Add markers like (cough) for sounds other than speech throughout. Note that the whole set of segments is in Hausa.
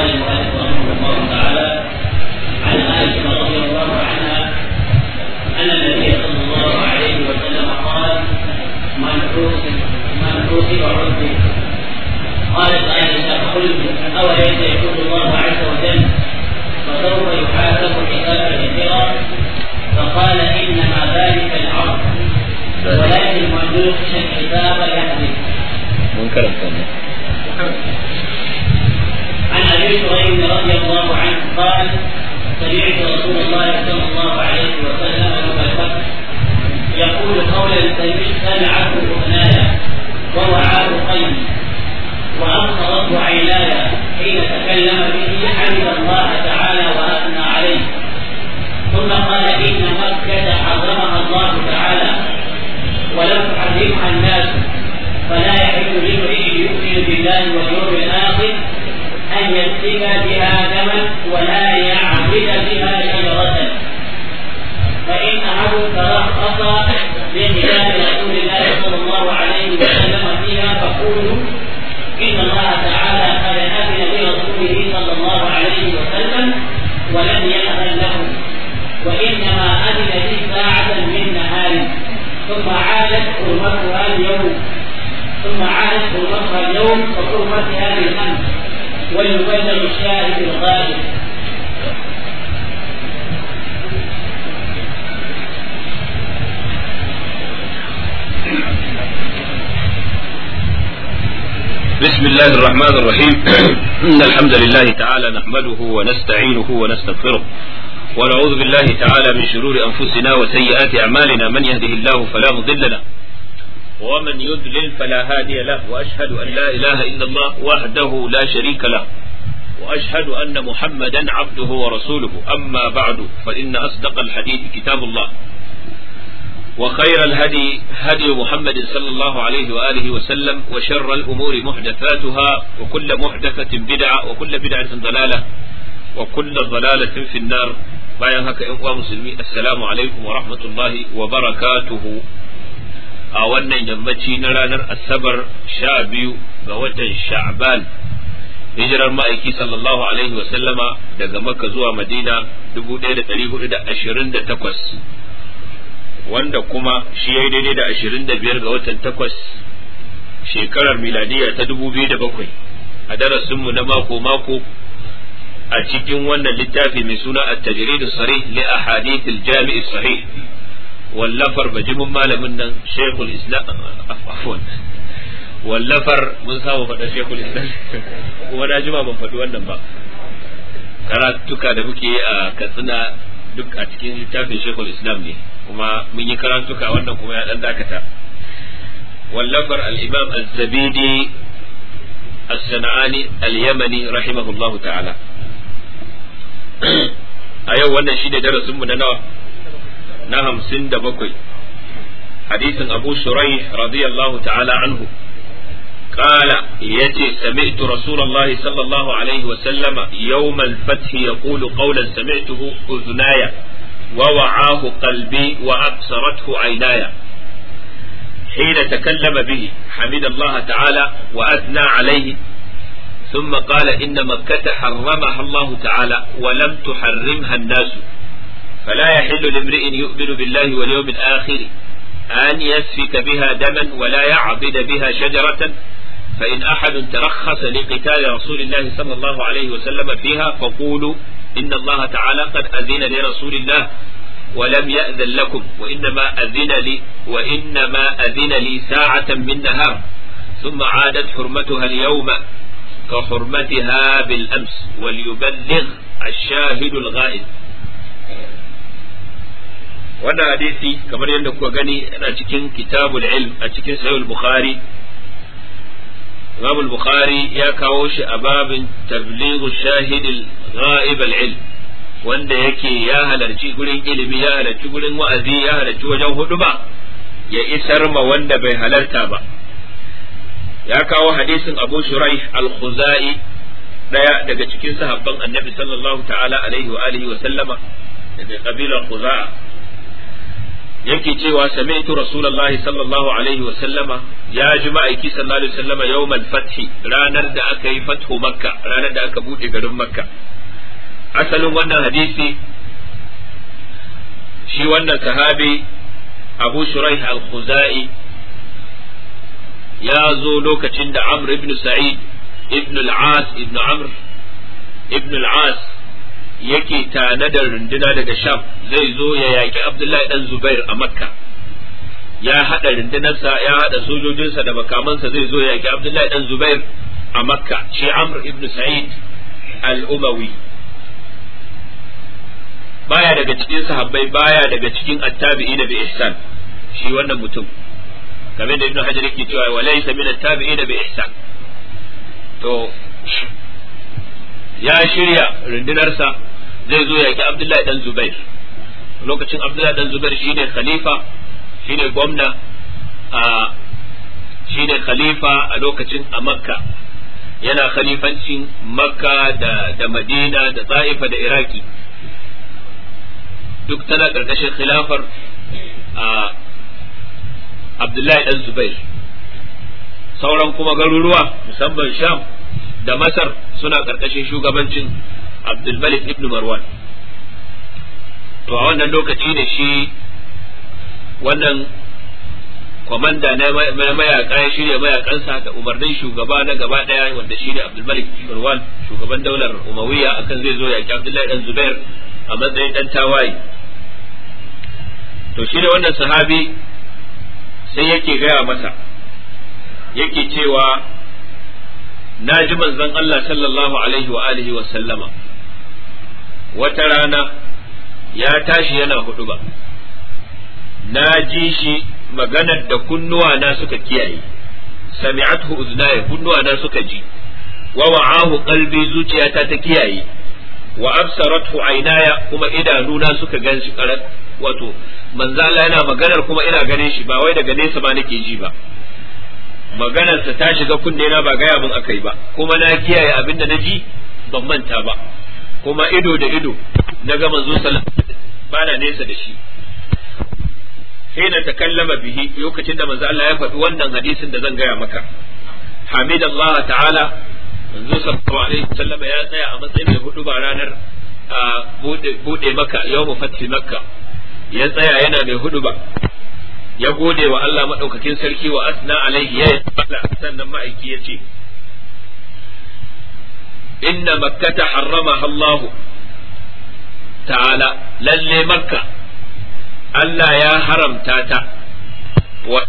قال المؤلف رحمه الله تعالى عن عائشه رضي الله عنها ان النبي صلى الله عليه وسلم قال من حوسب من حوسب عذب قالت عائشه قلت اوليس يقول الله عز وجل فسوف يحاسب حسابا كثيرا فقال انما ذلك العرض ولكن من يخشى الحساب يحدث منكر ابي هريره رضي الله عنه قال سمعت رسول الله صلى الله عليه وسلم يبكر يقول قولا سمعه وهو ووعاه قلبي وابصرت عيناي حين تكلم به حمد الله تعالى واثنى عليه ثم قال ان مكه حرمها الله تعالى ولم تحرمها الناس فلا يحل لامرئ يؤمن بالله واليوم الاخر أن يسفك بها دما ولا يعبد بها شجرة فإن أحد ترخص بخلاف رسول الله صلى الله عليه وسلم فيها فقولوا إن الله تعالى قد أذن برسوله صلى الله عليه وسلم ولم يأذن له وإنما أذن لي ساعة من نهار ثم عادت حرمتها اليوم ثم عادت حرمتها اليوم وحرمتها بالأمس ويبين الشاهد الغالب بسم الله الرحمن الرحيم (clears throat) إن الحمد لله تعالى نحمده ونستعينه ونستغفره ونعوذ بالله تعالى من شرور أنفسنا وسيئات أعمالنا من يهده الله فلا مضل له ومن يدلل فلا هادي له وأشهد أن لا إله إلا الله وحده لا شريك له وأشهد أن محمدا عبده ورسوله أما بعد فإن أصدق الحديث كتاب الله وخير الهدي هدي محمد صلى الله عليه وآله وسلم وشر الأمور محدثاتها وكل محدثة بدعة وكل بدعة ضلالة وكل ضلالة في النار بايا هكا مسلمين السلام عليكم ورحمة الله وبركاته a wannan yammaci na ranar asabar sha biyu ga watan sha'ban hijirar ma'aiki sallallahu alaihi wasallama daga makka zuwa madina 1428 wanda kuma shi ya yi daidai da 25 ga watan takwas shekarar miladiya ta 2007 a darasinmu na mako-mako a cikin wannan littafi mai suna at-tajrid sarih li ahadith al-jami' sahih wallafar bajimin malamin nan shekul islam afwan wallafar mun samu faɗa shekul islam kuma na jima ban faɗi wannan ba karatuka da muke a katsina duk a cikin littafin shekul islam ne kuma mun yi karatuka wannan kuma ya ɗan dakata wallafar al-imam az-zabidi as-sana'ani al-yamani rahimahullahu ta'ala a yau wannan shi shine darasinmu na nawa na hamsin da bakwai hadisin abu shurai radiyallahu ta'ala anhu قال يتي سمعت رسول الله صلى الله عليه وسلم يوم الفتح يقول قولا سمعته أذناي ووعاه قلبي وأبصرته عيناي حين تكلم به حمد الله تعالى وأثنى عليه ثم قال إن مكة حرمها الله تعالى ولم تحرمها الناس فلا يحل لامرئ يؤمن بالله واليوم الآخر أن يسفك بها دما ولا يعبد بها شجرة فإن أحد ترخص لقتال رسول الله صلى الله عليه وسلم فيها فقولوا إن الله تعالى قد أذن لرسول الله ولم يأذن لكم وإنما أذن لي وإنما أذن لي ساعة من نهار ثم عادت حرمتها اليوم كحرمتها بالأمس وليبلغ الشاهد الغائب wannan hadisi kamar yadda kuka gani yana cikin kitabul ilm a cikin sahih bukhari imam bukhari ya kawo shi a babin tablighu shahidil ghaib al ilm wanda yake ya halarci gurin ilimi ya halarci gurin wa'azi ya halarci wajen ba ya isar ma wanda bai halarta ba ya kawo hadisin abu shuraih al-khuzai daya daga cikin sahabban annabi sallallahu ta'ala alaihi wa alihi wa sallama daga kabilar khuza'a yake cewa sami'tu rasulullahi sallallahu alaihi wa sallama ya ji ma'aiki sallallahu alaihi wa sallama yawmal fathi ranar da aka yi fathu makka ranar da aka bude garin makka asalin wannan hadisi shi wannan sahabi abu shuraih al-khuzai ya zo lokacin da amr ibn sa'id ibn al-as ibn amr ibn al-as yake da runduna daga sham zai zo ya yaƙi abdullahi dan zubair a makka ya haɗa rundunarsa ya haɗa sojojinsa da makamansa zai zo ya yaƙi abdullahi dan zubair a makka shi amr ibn sa'id al-umawi baya daga cikin sahabbai baya daga cikin attabi'ina bi ihsan shi wannan mutum kamar da ibn hajar yake cewa wa laysa min attabi'ina bi ihsan to ya shirya rundunarsa zai zo yaki Abdullahi dan Zubair lokacin Abdullahi dan Zubair shine khalifa shine gwamna a shine khalifa a lokacin a Makka yana khalifancin Makka da da Madina da Taifa da Iraki duk tana karkashin khilafar a Abdullahi dan Zubair sauran kuma garuruwa musamman Sham da Masar suna karkashin shugabancin abdul ibn marwan to a wannan lokaci ne shi wannan kwamanda na mayaka ya shirya mayakansa da umarnin shugaba na gaba daya wanda shi ne abdulmalik marwan shugaban daular umawiya akan zai zo yaƙi abdullahi dan zubair a matsayin dan tawaye to shi ne wannan sahabi sai yake gaya masa yake cewa na ji manzon Allah sallallahu alaihi wa alihi wa sallama wata rana ya tashi yana hudu ba na ji shi maganar da kunnuwa na suka kiyaye sami'athu uznaya kunnuwa na suka ji wa wa'ahu qalbi zuciyata ta kiyaye wa absaratu aynaya kuma idanuna suka gan shi karat wato manzala yana maganar kuma ina ganin shi ba wai daga nesa ba nake ji ba maganarsa ta shiga kunne na ba gaya mun akai ba kuma na kiyaye abinda da na ji ban manta ba kuma ido da ido na gama manzo bana nesa da shi hina kallama bihi lokacin da manzo Allah ya faɗi wannan hadisin da zan gaya maka hamidallah ta'ala manzo sallallahu alaihi wasallam ya tsaya a matsayin mai hudu ba ranar bude maka yawmu fathi makka ya tsaya yana mai hudu ba ya gode wa Allah madaukakin sarki wa asna alaihi ya sannan ma'aiki ya ce inna makkata harramaha Allah ta'ala lalle makka Allah ya haramta ta wa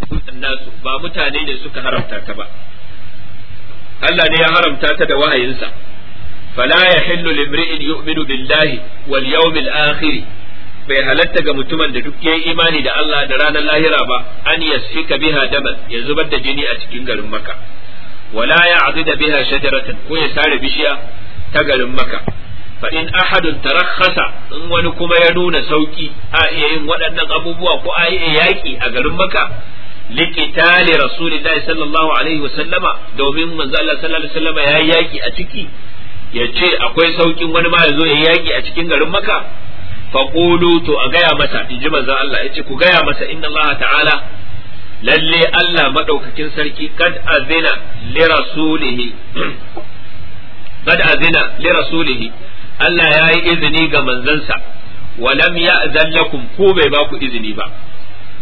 nasu ba mutane ne suka haramta ta ba Allah ne ya haramta ta da wahayinsa fala yahillu limri'in yu'minu billahi wal yawmil akhir bai halarta ga mutumin da duk ya imani da Allah da ranar lahira ba an yasfika biha daman ya zubar da jini a cikin garin Makka wala ya da biha shajaratan ko ya sare bishiya ta garin maka fa in ahadun tarakhasa in wani kuma ya nuna sauki a iya yin waɗannan abubuwa ko a iya yaki a garin maka liqitali rasulillahi sallallahu alaihi wasallama domin manzo sallallahu alaihi wasallama yayi yaki a ciki ya ce akwai sauƙin wani ma ya zo ya yaki a cikin garin maka faqulu to a gaya masa inji manzo Allah yace ku gaya masa inna Allah ta'ala lalle Allah maɗaukakin sarki kad azina li rasulihi kad azina li rasulihi Allah ya yi izini ga manzansa wa lam ya'zan lakum ko bai ba ku izini ba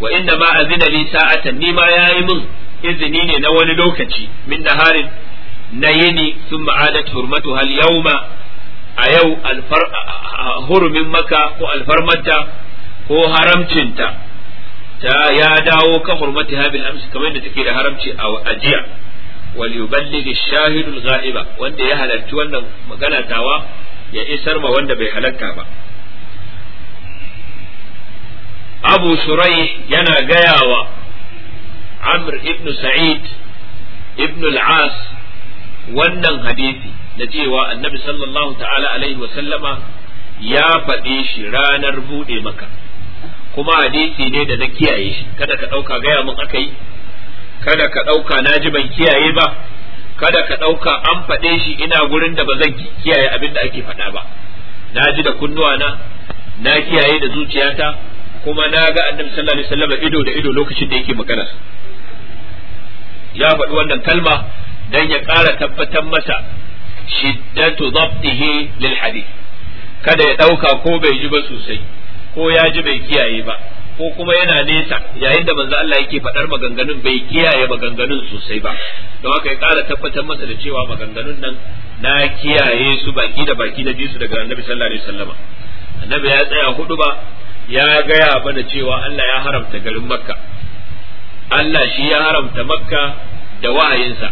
wa inda ma azina li sa'atan ni ma yayi min izini ne na wani lokaci min naharin na yini sun ma'adat hurmatu hal yauma a yau hurumin maka ko alfarmata ko haramcinta ta ya dawo kan hurmati habil amsi kamar da take da haramci a ajiya wal yuballighi shahidul ghaiba wanda ya halarci wannan magana tawa ya isar ma wanda bai halarta ba abu surai yana gayawa amr ibn sa'id ibn al-as wannan hadisi da cewa annabi sallallahu ta'ala alaihi wa sallama ya faɗe shi ranar buɗe maka kuma hadisi ne da na kiyaye shi kada ka ɗauka gaya mun aka yi kada ka ɗauka na ji ban kiyaye ba kada ka ɗauka an faɗe shi ina gurin da ba zan kiyaye abin da ake faɗa ba na ji da kunnuwa na na kiyaye da zuciyata kuma na ga annabi sallallahu alaihi wasallam ido da ido lokacin da yake magana ya faɗi wannan kalma dan ya ƙara tabbatar masa shiddatu dhabtihi lil hadith kada ya ɗauka ko bai ji ba sosai ko ya ji bai kiyaye ba ko kuma yana nesa yayin da manzo Allah yake faɗar maganganun bai kiyaye maganganun sosai ba don haka ya ƙara tabbatar masa da cewa maganganun nan na kiyaye su baki da baki na su daga annabi sallallahu alaihi wasallam annabi ya tsaya hudu ba ya gaya mana cewa Allah ya haramta garin makka Allah shi ya haramta makka da wa'ayinsa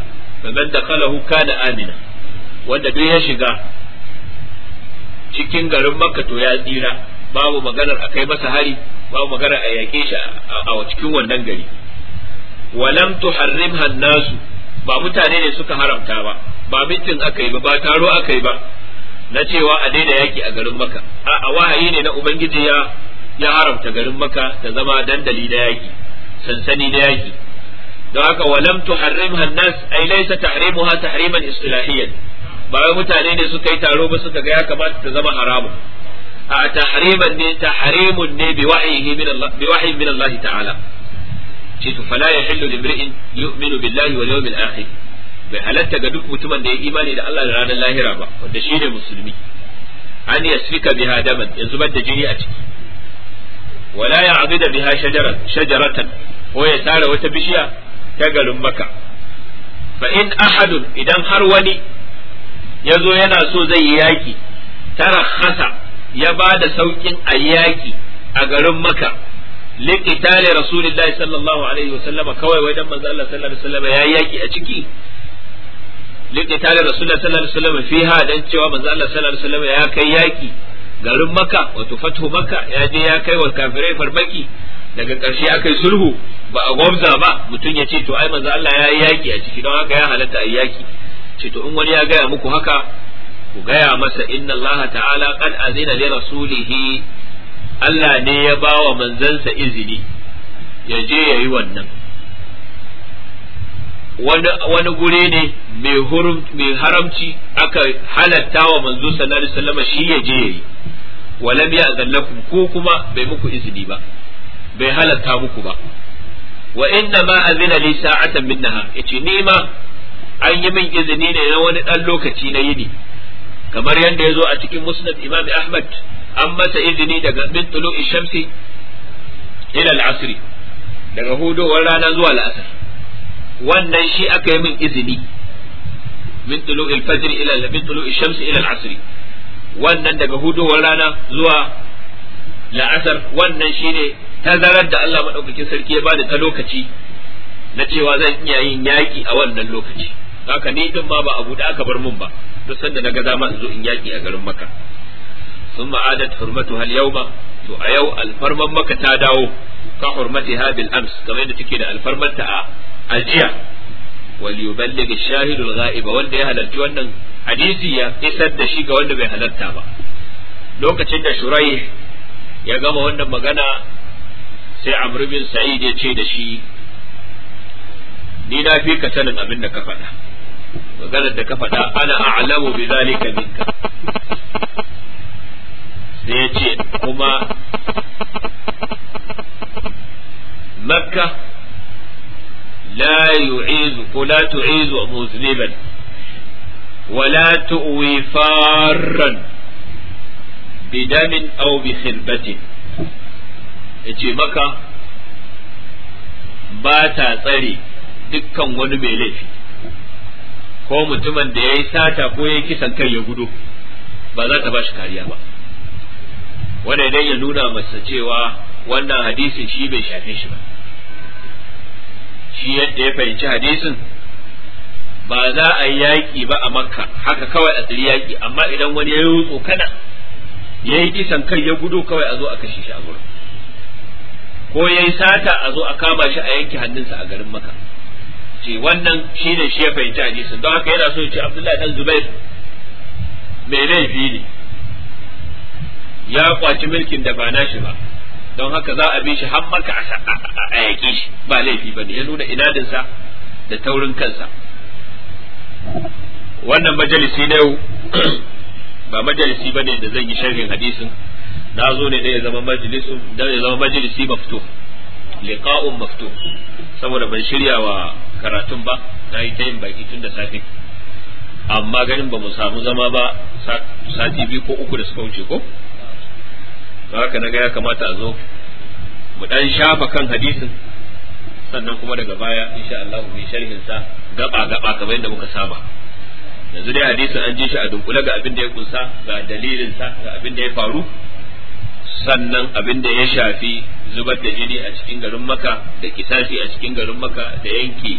faman dakhalahu kana amina wanda duk ya shiga cikin garin makka to ya tsira babu maganar akai masa hari babu maganar a yaƙe shi a cikin wannan gari walam tuharrimha nasu ba mutane ne suka haramta ba ba mitin aka ba ba taro aka ba na cewa a daina yaki a garin maka a wahayi ne na ubangiji ya ya haramta garin maka ta zama dandali da yaki sansani da yaki don haka walam tuharrimha nas ai laysa tahrimuha tahriman istilahiyan ba mutane ne suka yi taro ba suka ga ya kamata ta zama haramun a tahriman ne tahrimun ne bi wahyihi min Allah bi wahyin min Allah ta'ala ce to fala yahillu limri'in yu'minu billahi wal yawmil bai halatta ga duk mutumin da ya imani da Allah da ranar lahira ba wanda shi ne musulmi an yasfika biha daman ya zubar da jini a ciki wala ya abida ko ya sare wata bishiya ta garin maka fa in ahadun idan har wani ya zo yana so zai yi yaki tarakhasa ya ba da sauƙin ayyaki a garin maka liqitali rasulillahi sallallahu alaihi wasallama kawai wai dan manzo Allah sallallahu alaihi wasallama yayi yaki a ciki liqitali rasulillahi sallallahu alaihi wasallama fiha dan cewa manzo Allah sallallahu alaihi wasallama ya kai yaki garin maka wato fathu maka ya je ya kai wa kafirai farmaki daga ƙarshe aka yi sulhu ba a gwamza ba mutum ya ce to ai manzo Allah ya yi yaki a ciki don haka ya halatta a yaki ce to in wani ya gaya muku haka ku gaya masa inna Allah ta'ala qad azina li rasulihi Allah ne ya ba wa manzansa izini ya je ya yi wannan wani guri ne mai haramci aka halatta wa manzo sallallahu alaihi wasallam shi ya je ya yi walam ya zallakum ko kuma bai muku izini ba bai halatta muku ba wa inna ma azina li sa'atan min yace ni ma an yi min izini ne na wani dan lokaci na yini kamar yadda ya zo a cikin musnad imam ahmad an masa izini daga min tulu'i shamsi ila al'asri daga hudowar rana zuwa al'asar wannan shi aka yi min izini min tulu'il fajr ila min tulu'i shamsi ila al'asri wannan daga hudowar rana zuwa la'asar wannan shine tazarar da Allah madaukakin sarki ya bani ta lokaci na cewa zan iya yin yaki a wannan lokaci haka ni din ma ba abu da aka bar mun ba duk sanda na ga dama in zo in yaki a garin maka sun ma'adat hurmatu hal yau ba to a yau alfarman maka ta dawo ka hurmati ha bil ams kamar yadda take da alfarmar ta a ajiya wal yuballigh ash-shahid al-ghaib wanda ya halarci wannan hadisi ya isar da shi ga wanda bai halarta ba lokacin da shurai ya gama wannan magana sai amr bin sa'id ya ce da shi ni na fi ka sanin abin da ka faɗa maganar da ka faɗa ana a'lamu bi zalika minka sai ce kuma makka la yu'izu ko la tu'izu musliman ولا تؤوي فارا بدم أو بخربة yace maka ba ta tsare dukkan wani mai laifi ko mutumin da ya yi sata ko ya yi kisan kai ya gudu ba za ta ba kariya ba wanda idan ya nuna masa cewa wannan hadisin shi bai shafe shi ba shi yadda ya fahimci hadisin ba za a yi yaƙi ba a makka haka kawai a tsiri yaƙi amma idan wani ya yi tsokana ya yi kisan kai ya gudu kawai a zo a kashe shi a gurin ko ya yi sata a zo a kama shi a yanke hannunsa a garin maka ce wannan ne shi ya fahimci hadisin don haka yana so ya ce Abdullahi dan Zubair mai laifi ne ya kwaci mulkin da ba nashi ba don haka za a bi shi har maka a yaƙi shi ba laifi ba ne ya nuna inadinsa da taurin kansa wannan majalisi na yau (clears throat) ba majalisi ba ne da zan yi sharhin hadisin na zo ne da ya zama majalisi mafito liqa'un maftuh saboda ban shirya wa karatun ba na yi ta yin baki tun da safe amma ganin ba mu samu zama ba sati biyu ko uku da suka wuce ko ba haka na ga ya kamata a zo mu dan shafa kan hadisin sannan kuma daga baya insha Allah mu sharhin sa gaba gaba kamar yadda muka saba yanzu dai hadisin an ji shi a dunkule ga abin da ya kunsa ga dalilin sa ga abin da ya faru sannan abin da ya shafi zubar da jini a cikin garin maka da kisasi a cikin garin maka da yanki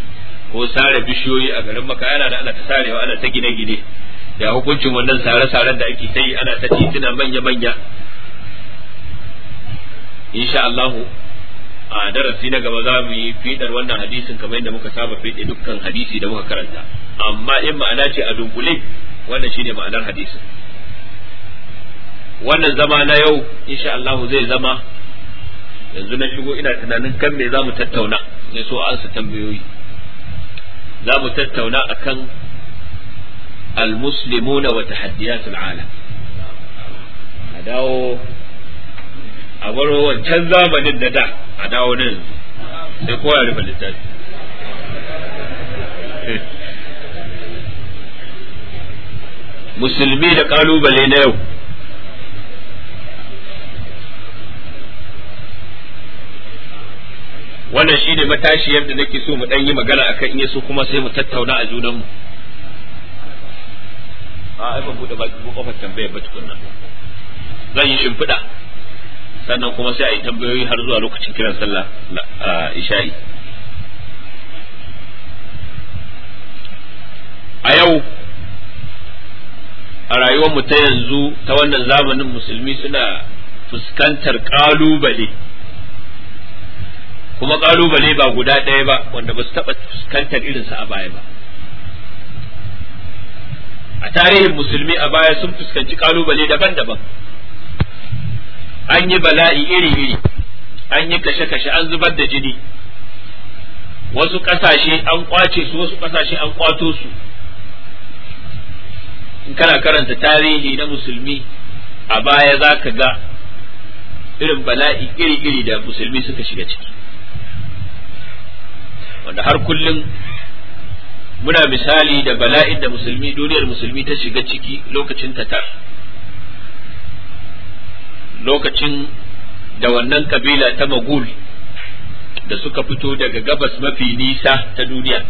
ko sare bishiyoyi a garin maka yana da ana ta sarewa ana ta gine-gine ya hukuncin wannan sare-saren da ake ta yi ana ta tituna manya-manya insha Allah a darasi na gaba za mu yi fidar wannan hadisin kamar yadda muka saba fide dukkan hadisi da muka karanta amma in ma'ana ce a dunkule wannan shine ma'anar hadisin wannan zama na yau insha zai zama yanzu na shigo ina tunanin kan me zamu tattauna ne so an su tambayoyi zamu tattauna akan almuslimuna wa tahaddiyatul alam a dawo a bar wancan zamanin da da a dawo nan sai ya rufe littafi (laughs) musulmi da ƙalubale na yau wannan shine matashiyar da nake so mu dan yi magana akan in yaso kuma sai mu tattauna a junan mu a ai ban bude baki ko kofar tambayar ba tukunna zan yi shimfiɗa sannan kuma sai a yi tambayoyi har zuwa lokacin kiran sallah a isha'i a yau a rayuwar mu ta yanzu ta wannan zamanin musulmi suna fuskantar ƙalubale kuma kalubale ba guda ɗaya ba wanda ba su taɓa fuskantar irinsa a baya ba a tarihin musulmi a baya sun fuskanci kalubale daban-daban an yi bala'i iri-iri an yi kashe-kashe an zubar da jini wasu ƙasashe an kwace su wasu ƙasashe an kwato su in kana karanta tarihi na musulmi a baya za ka ga irin bala'i iri-iri da musulmi suka shiga ciki wanda har kullum muna misali da bala'in da musulmi duniyar musulmi ta shiga ciki lokacin tatar lokacin da wannan kabila ta magul da suka fito daga gabas mafi nisa ta duniya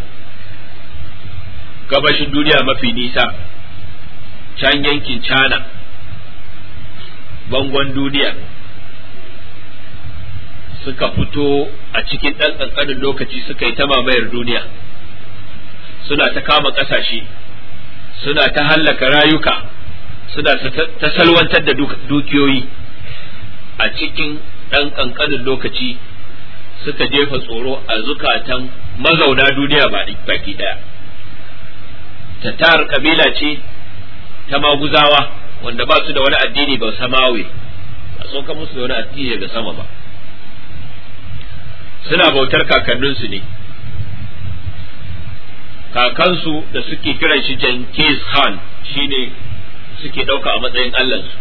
gabashin duniya mafi nisa can yankin cana bangon duniya suka fito a cikin ɗan ƙanƙanin lokaci suka yi ta mamayar duniya suna ta kama ƙasashe suna ta hallaka rayuka suna ta salwantar da dukiyoyi a cikin ɗan ƙanƙanin lokaci suka jefa tsoro a zukatan mazauna duniya baki ɗaya tatar kabila ce ta maguzawa wanda ba su da wani addini ba samawe ba sun musu da wani addini daga sama ba suna bautar kakanninsu ne kakansu da suke kiran shi jenkins Khan shine suke ɗauka a matsayin Allahnsu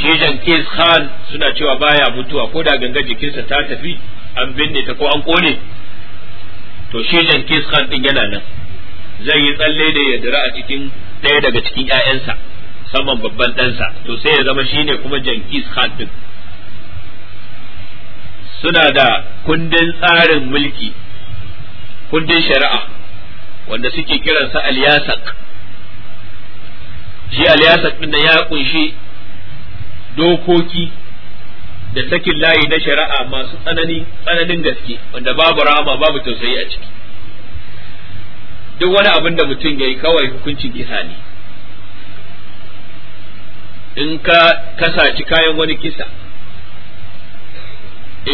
shi jenkins Khan suna cewa baya mutuwa ko da ganga jikinsa ta tafi an binne ta ko an kone to shi jenkins Khan din yana nan zai yi tsalle da ya dira a cikin ɗaya daga cikin 'ya'yansa saman babban ɗansa to sai ya zama shine kuma jenkins Khan din suna da kundin tsarin mulki kundin shari'a wanda suke kiransa aliyasak shi aliyasak din da ya kunshi dokoki da sakin layi na shari'a masu tsanani tsananin gaske wanda babu rama babu tausayi a ciki duk wani abin da mutum ya yi kawai hukuncin kisa ne in ka kasaci kayan wani kisa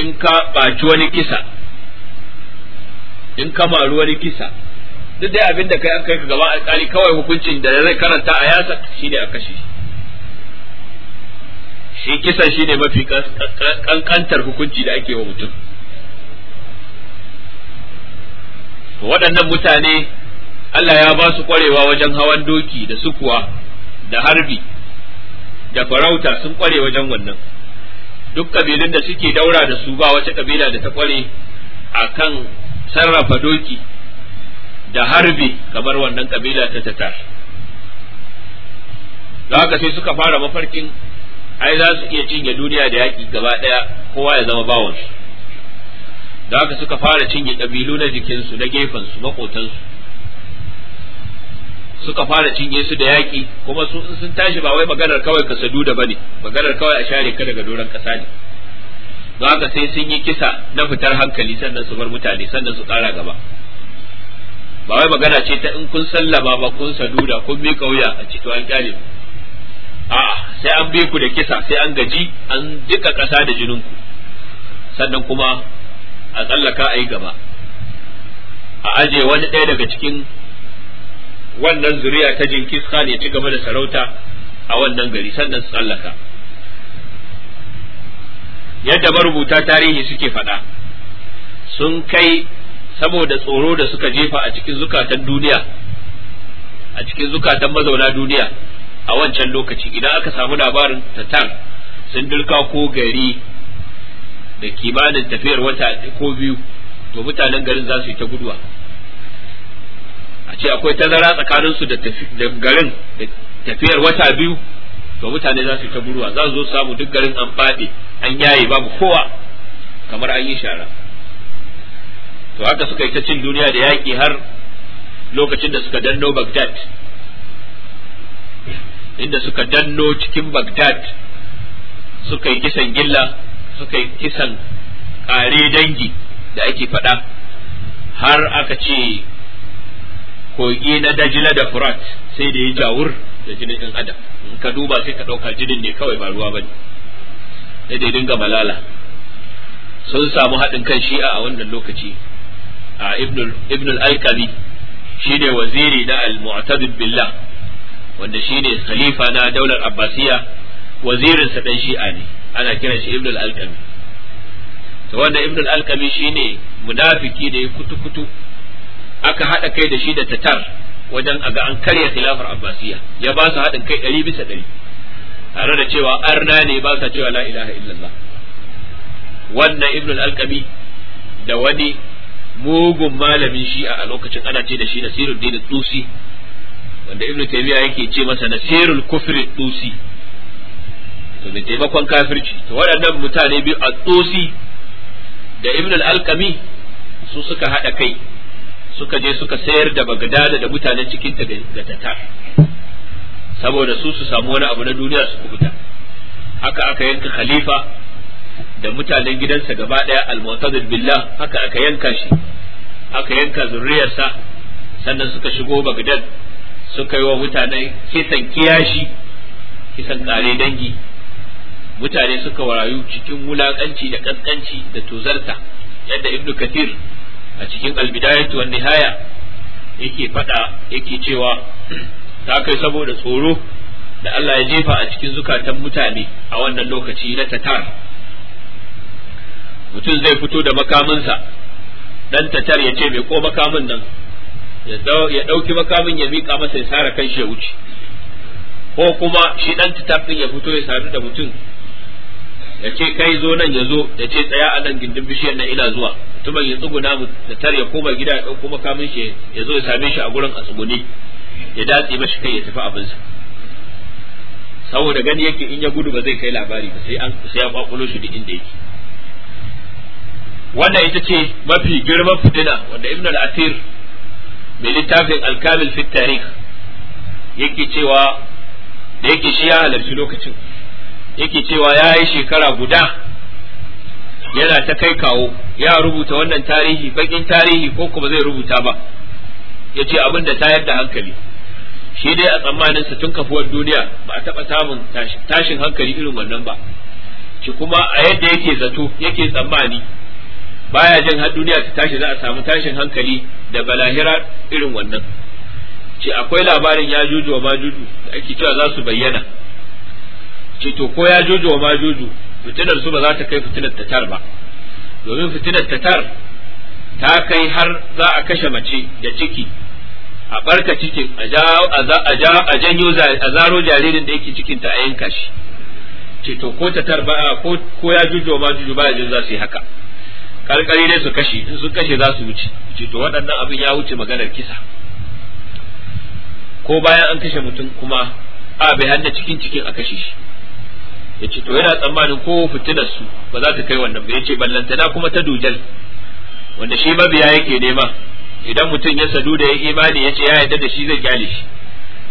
in ka ɓaci wani kisa in ka maru wani kisa duk dai abin da kai an kai ka gaba alƙali kawai hukuncin da zai karanta a yasa shi ne a kashe shi kisa shi ne mafi kankantar hukunci da ake wa mutum waɗannan mutane Allah ya ba su ƙwarewa wajen hawan doki da sukuwa da harbi da farauta sun ƙware wajen wannan duk kabilun da suke daura da su ba wata kabila da ta kware kan sarrafa doki da harbi kamar wannan kabila ta tashi da haka sai suka fara mafarkin ai za su iya cinye duniya da yaƙi gaba ɗaya kowa ya zama bawansu da haka suka fara cinye kabilu na jikinsu na gefensu maƙotansu suka fara cinye su da yaƙi kuma su sun tashi ba wai maganar kawai ka saduda bane maganar kawai a share ka daga doron ƙasa ne don haka sai sun yi kisa na fitar hankali sannan su bar mutane sannan su ƙara gaba ba wai magana ce ta in kun sallama ba kun saduda kun bi kauya a cikin an kyale a'a sai an bi ku da kisa sai an gaji an duka ƙasa da jinin ku sannan kuma a tsallaka a yi gaba a aje wani ɗaya daga cikin wannan zuriya ta Jinkis Khan ya ci gaba da sarauta a wannan gari sannan su tsallaka yadda marubuta tarihi suke faɗa sun kai saboda tsoro da suka jefa a cikin zukatan duniya a cikin zukatan mazauna duniya a wancan lokaci idan aka samu labarin tatar sun dirka ko gari da kimanin tafiyar wata ko biyu to mutanen garin za su yi ta guduwa a ce akwai tazara tsakanin su da garin da tafiyar wata biyu to mutane za su ta buruwa za su zo samu duk garin an faɗi an yaye babu kowa kamar an yi shara to haka suka yi ta cin duniya da yaƙi har lokacin da suka danno Baghdad inda suka danno cikin Baghdad suka yi kisan gilla suka yi kisan ƙare dangi da ake faɗa har aka ce kogi na dajila da furat sai da ya jawur da jinin ɗan adam in ka duba sai ka ɗauka jinin ne kawai ba ruwa bane sai da ya dinga malala sun samu haɗin kan shi'a a wannan lokaci a ibn al shi ne waziri na al-mu'tadib billah wanda ne khalifa na daular abbasiya wazirin sa dan shi'a ne ana kiran shi ibn al-alkami to wanda ibn al-alkami shine munafiki da ya kutu kutu aka haɗa kai da shi da tatar wajen ga an karya khilafar abbasiya ya ba su haɗin kai ɗari bisa ɗari tare da cewa arna ne ba sa cewa la ilaha illallah wannan ibnul alqami da wani mugun malamin shi'a a lokacin ana ce da shi nasiruddin tusi wanda ibnu taymiya yake ce masa nasirul kufri tusi to mai taimakon kafirci to waɗannan mutane biyu a tusi da ibnul alqami su suka haɗa kai suka je suka sayar da bagdada da mutanen cikin ta ga tata saboda su su samu wani abu na duniya su kubuta haka aka yanka khalifa da mutanen gidansa gaba daya al-mu'tadid billah haka aka yanka shi aka yanka zuriyarsa sannan suka shigo bagdad suka yi wa mutanen kisan kiyashi kisan kare dangi mutane suka rayu cikin wulakanci da kaskanci da tozarta yadda ibnu kathir a cikin albidayatu wa nihaya yake fada yake cewa ta kai saboda tsoro da Allah ya jefa a cikin zukatan mutane a wannan lokaci na tatar mutum zai fito da makaminsa dan tatar ya ce mai ko makamin nan ya ɗauki makamin ya miƙa masa ya sare kan shi ya wuce ko kuma shi dan tatar ɗin ya fito ya sadu da mutum ya ce kai zo nan ya zo ya ce tsaya a nan gindin bishiyar na ina zuwa mutumin ya tsuguna da tar ya koma gida ya ɗauko makamin shi ya zo ya same shi a gurin a tsuguni ya datse mashi kai ya tafi abinsa saboda gani yake in ya gudu ba zai kai labari ba sai an sai ya kwakulo shi duk inda yake wannan ita ce mafi girman fitina wanda ibn al mai littafin al-kamil fi tarikh yake cewa da yake shi ya halarci lokacin yake cewa ya yi shekara guda yana ta kai kawo ya rubuta wannan tarihi bakin tarihi ko kuma zai rubuta ba ya ce abin da tayar da hankali shi dai a tsammanin sa tun kafuwar duniya ba a taɓa samun tashin hankali irin wannan ba shi kuma a yadda yake zato yake tsammani baya jin har duniya ta tashi za a samu tashin hankali da balahira irin wannan ce akwai labarin ya juju wa majuju da ake cewa za su bayyana ce to ko ya juju wa majuju fitinar su ba za ta kai fitinar tatar ba domin fitinar tatar ta kai har za a kashe mace da ciki a barka cikin a janyo a zaro jaririn da yake cikin ta a yanka shi ce to ko tatar ba ko ko ya jujjo ma jujjo ba yanzu za su yi haka karkari dai su kashe in su kashe za su wuce ce to waɗannan abin ya wuce maganar kisa ko bayan an kashe mutum kuma a bai hada cikin cikin a kashe shi yace to yana tsammanin ko fitinar su ba za ta kai wannan ba ya ce ballantana kuma ta dujal wanda shi mabiya yake nema idan mutum ya sadu da ya imani yace ya yarda da shi zai gyale shi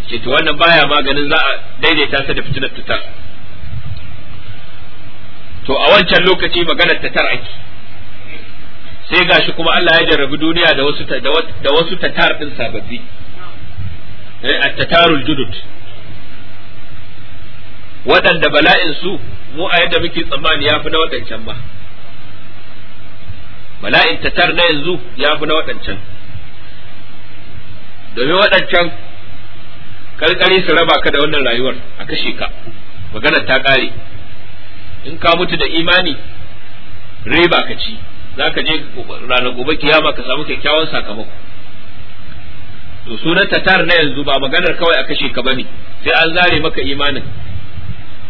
ce to wannan baya maganin za a daidaita sa da fitinar tutar to a wancan lokaci maganar tatar ake sai gashi kuma Allah ya jarrabi duniya da wasu da wasu tatar din sababbi eh at-tatarul judud waɗanda bala'in su mu a yadda muke tsammani ya fi na waɗancan ba bala'in tatar na yanzu ya fi na waɗancan domin waɗancan karkare su raba ka da wannan rayuwar a kashe ka maganar ta ƙare in ka mutu da imani riba ka ci za ka je ranar gobe kiyama ka samu kyakkyawan sakamako to sunan tatar na yanzu ba maganar kawai a kashe ka bane sai an zare maka imanin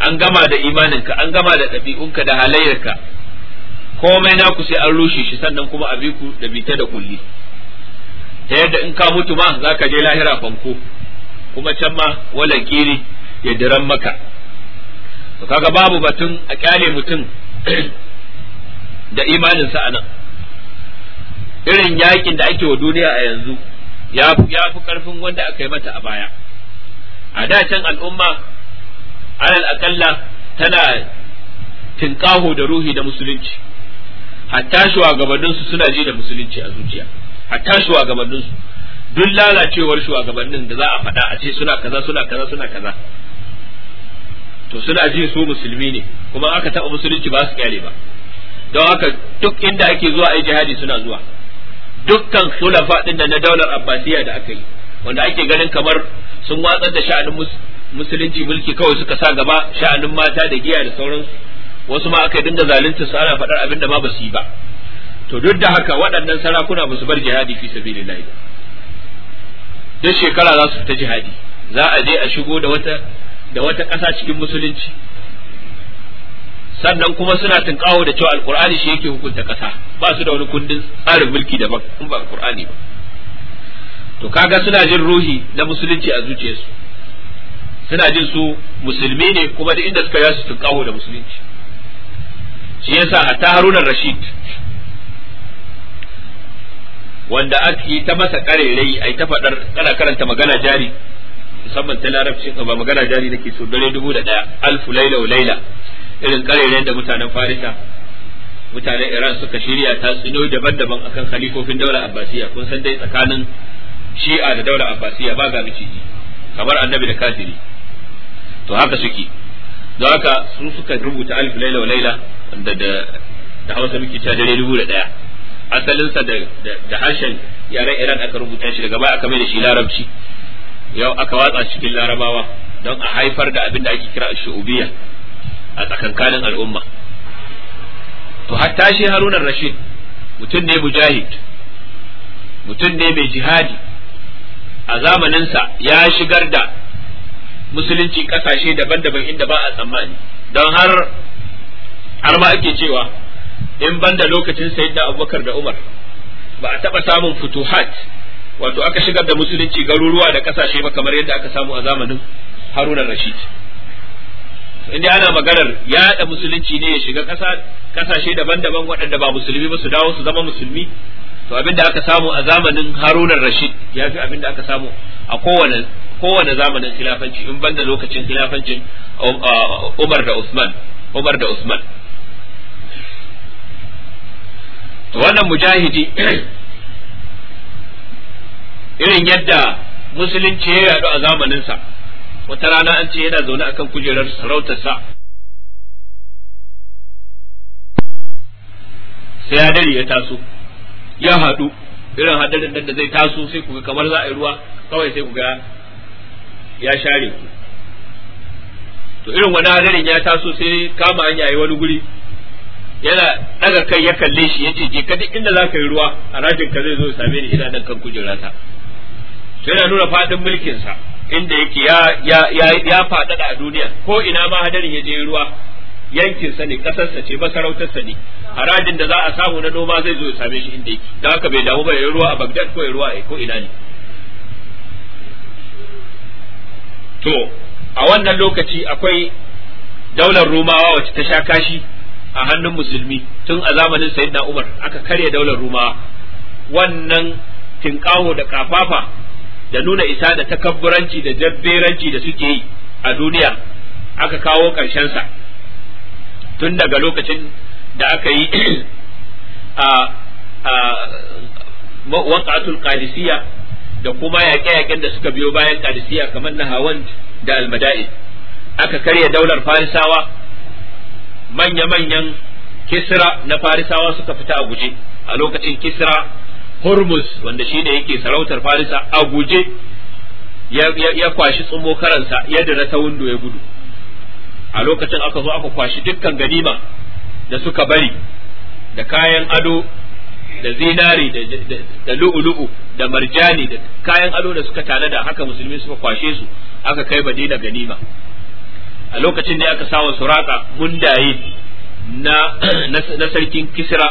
an gama da imaninka an gama da ɗabi'unka da halayyarka komai naku sai an rushe shi sannan kuma a biku da bita da kulli ta yadda in ka mutu ma za ka je lahira fanko kuma can ma wala kiri ya diran maka to kaga babu batun a kyale mutum (clears throat) da imaninsa a nan irin yakin da ake wa duniya a yanzu ya fi karfin wanda aka yi mata a baya a da can al'umma alal akalla tana tinkaho da ruhi da musulunci hatta shugabannin su suna ji da musulunci a zuciya hatta shugabannin su duk lalacewar shugabannin da za a faɗa a ce suna kaza suna kaza suna kaza to suna ji su musulmi ne kuma aka taɓa musulunci ba su kyale ba don haka duk inda ake zuwa ai jihadi suna zuwa dukkan sulafa din da na daular abbasiya da aka yi wanda ake ganin kamar sun watsar da sha'anin musulunci mulki kawai suka sa gaba sha'anin mata da giya da sauransu wasu ma aka dinga zalunta su ana faɗar abin da ma ba su yi ba to duk da haka waɗannan sarakuna ba su bar jihadi fi sabilillah ba duk shekara za su fita jihadi za a je a shigo da wata da wata ƙasa cikin musulunci sannan kuma suna tunƙawo da cewa alƙur'ani shi yake hukunta ƙasa ba su da wani kundin tsarin mulki daban in ba alƙur'ani ba to kaga suna jin ruhi na musulunci a zuciyarsu suna jin su musulmi ne kuma da inda suka yi su kawo da musulunci shi yasa a ta harunan rashid wanda ake ta masa karerai ai ta faɗar kana karanta magana jari musamman ta larabci ba magana jari nake so dare dubu da ɗaya alfu laila wa laila irin karerai da mutanen farisa mutanen iran suka shirya ta tsino daban-daban akan khalifofin daula abbasiya kun san dai tsakanin shi'a da daula abbasiya ba ga miciji kamar annabi da kafiri to haka suke don haka su suka rubuta alif laila wa laila da da hausa muke ta dare dubu da daya asalinsa da harshen yaren iran aka rubuta shi daga baya aka mai da shi larabci yau aka watsa cikin larabawa don a haifar da abin da ake kira shu'ubiyya a tsakankanin al'umma to hatta shi haruna rashid mutum ne mujahid mutum ne mai jihadi a zamaninsa ya shigar da musulunci kasashe daban-daban inda ba a tsammani don har har ma ake cewa in banda lokacin sayyidina abubakar da umar ba a taɓa samun futuhat wato aka shigar da musulunci garuruwa da kasashe ba kamar yadda aka samu a zamanin haruna rashid inda ana maganar yaɗa musulunci ne ya shiga kasashe daban-daban waɗanda ba musulmi ba su dawo su zama musulmi to abin aka samu a zamanin harunan rashid ya fi abin aka samu a kowane kowane zamanin khilafanci in banda lokacin khilafancin um, uh, Umar da Usman Umar da Usman to wannan mujahidi (clears throat) irin yadda musulunci ya yadu a zamaninsa wata rana an ce yana zaune akan kujerar sarautarsa sai ya ya taso ya haɗu irin hadarin da zai taso sai kuga kamar za a yi ruwa kawai sai kuga ya share ku to irin wani hadarin ya taso sai kama hanya yi wani guri yana daga kai ya kalle shi yace je ka duk inda zaka yi ruwa rajin ka zai zo ya same ni ina nan kan kujerata sai yana nuna fadin mulkin sa inda yake ya ya ya, ya a duniya ko ina ma hadarin ya je ruwa yankin sa ne kasar sa ce masarautar sa ne harajin da za a samu na noma zai zo ya same shi inda yake da haka bai damu ba ya ruwa a Baghdad ko ya ruwa ko ina ne to a wannan lokaci akwai daular rumawa wacce ta sha kashi a hannun musulmi tun a zamanin sayyidina umar aka karya daular rumawa wannan tinkaho da kafafa da nuna isa da takabburanci da jabberanci da suke yi a duniya aka kawo sa tun daga lokacin da aka yi (clears throat) a waƙatul qadisiyya da kuma yaƙe-yaƙen da suka biyo bayan Qadisiyya kamar na hawan da Almada'i aka karya daular Farisawa manya-manyan Kisra na Farisawa suka fita a guje a lokacin Kisra Hormuz wanda shi ne yake sarautar Farisa a guje ya kwashi tsumo karansa ya dira ta windo ya gudu a lokacin aka zo aka kwashi dukkan ganima da suka bari da kayan ado da zinari da lu'ulu'u da marjani da kayan ado da suka tare da haka musulmi suka kwashe su aka kai madina ganima a lokacin da aka sawa suraka mundaye na na sarkin kisra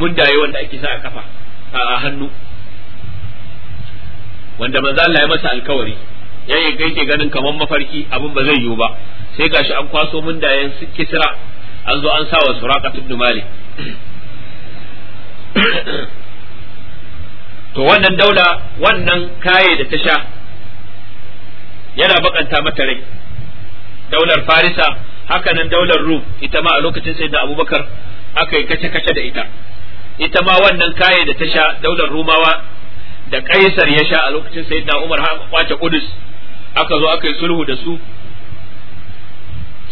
mundaye wanda ake sa a kafa a hannu wanda manzo Allah ya masa alkawari ya yi ganin kamar mafarki abin ba zai yiwu ba sai gashi an kwaso mundayen kisra an zo an sawa suraka ibn malik to wannan daula wannan kaye da ta sha yana bakanta mata rai daular farisa hakanan daular rum ita ma a lokacin sai da abubakar aka yi kace-kace da ita ita ma wannan kaye da ta sha daular rumawa da kaisar ya sha a lokacin sai da umar haka kwace kudus aka zo aka sulhu da su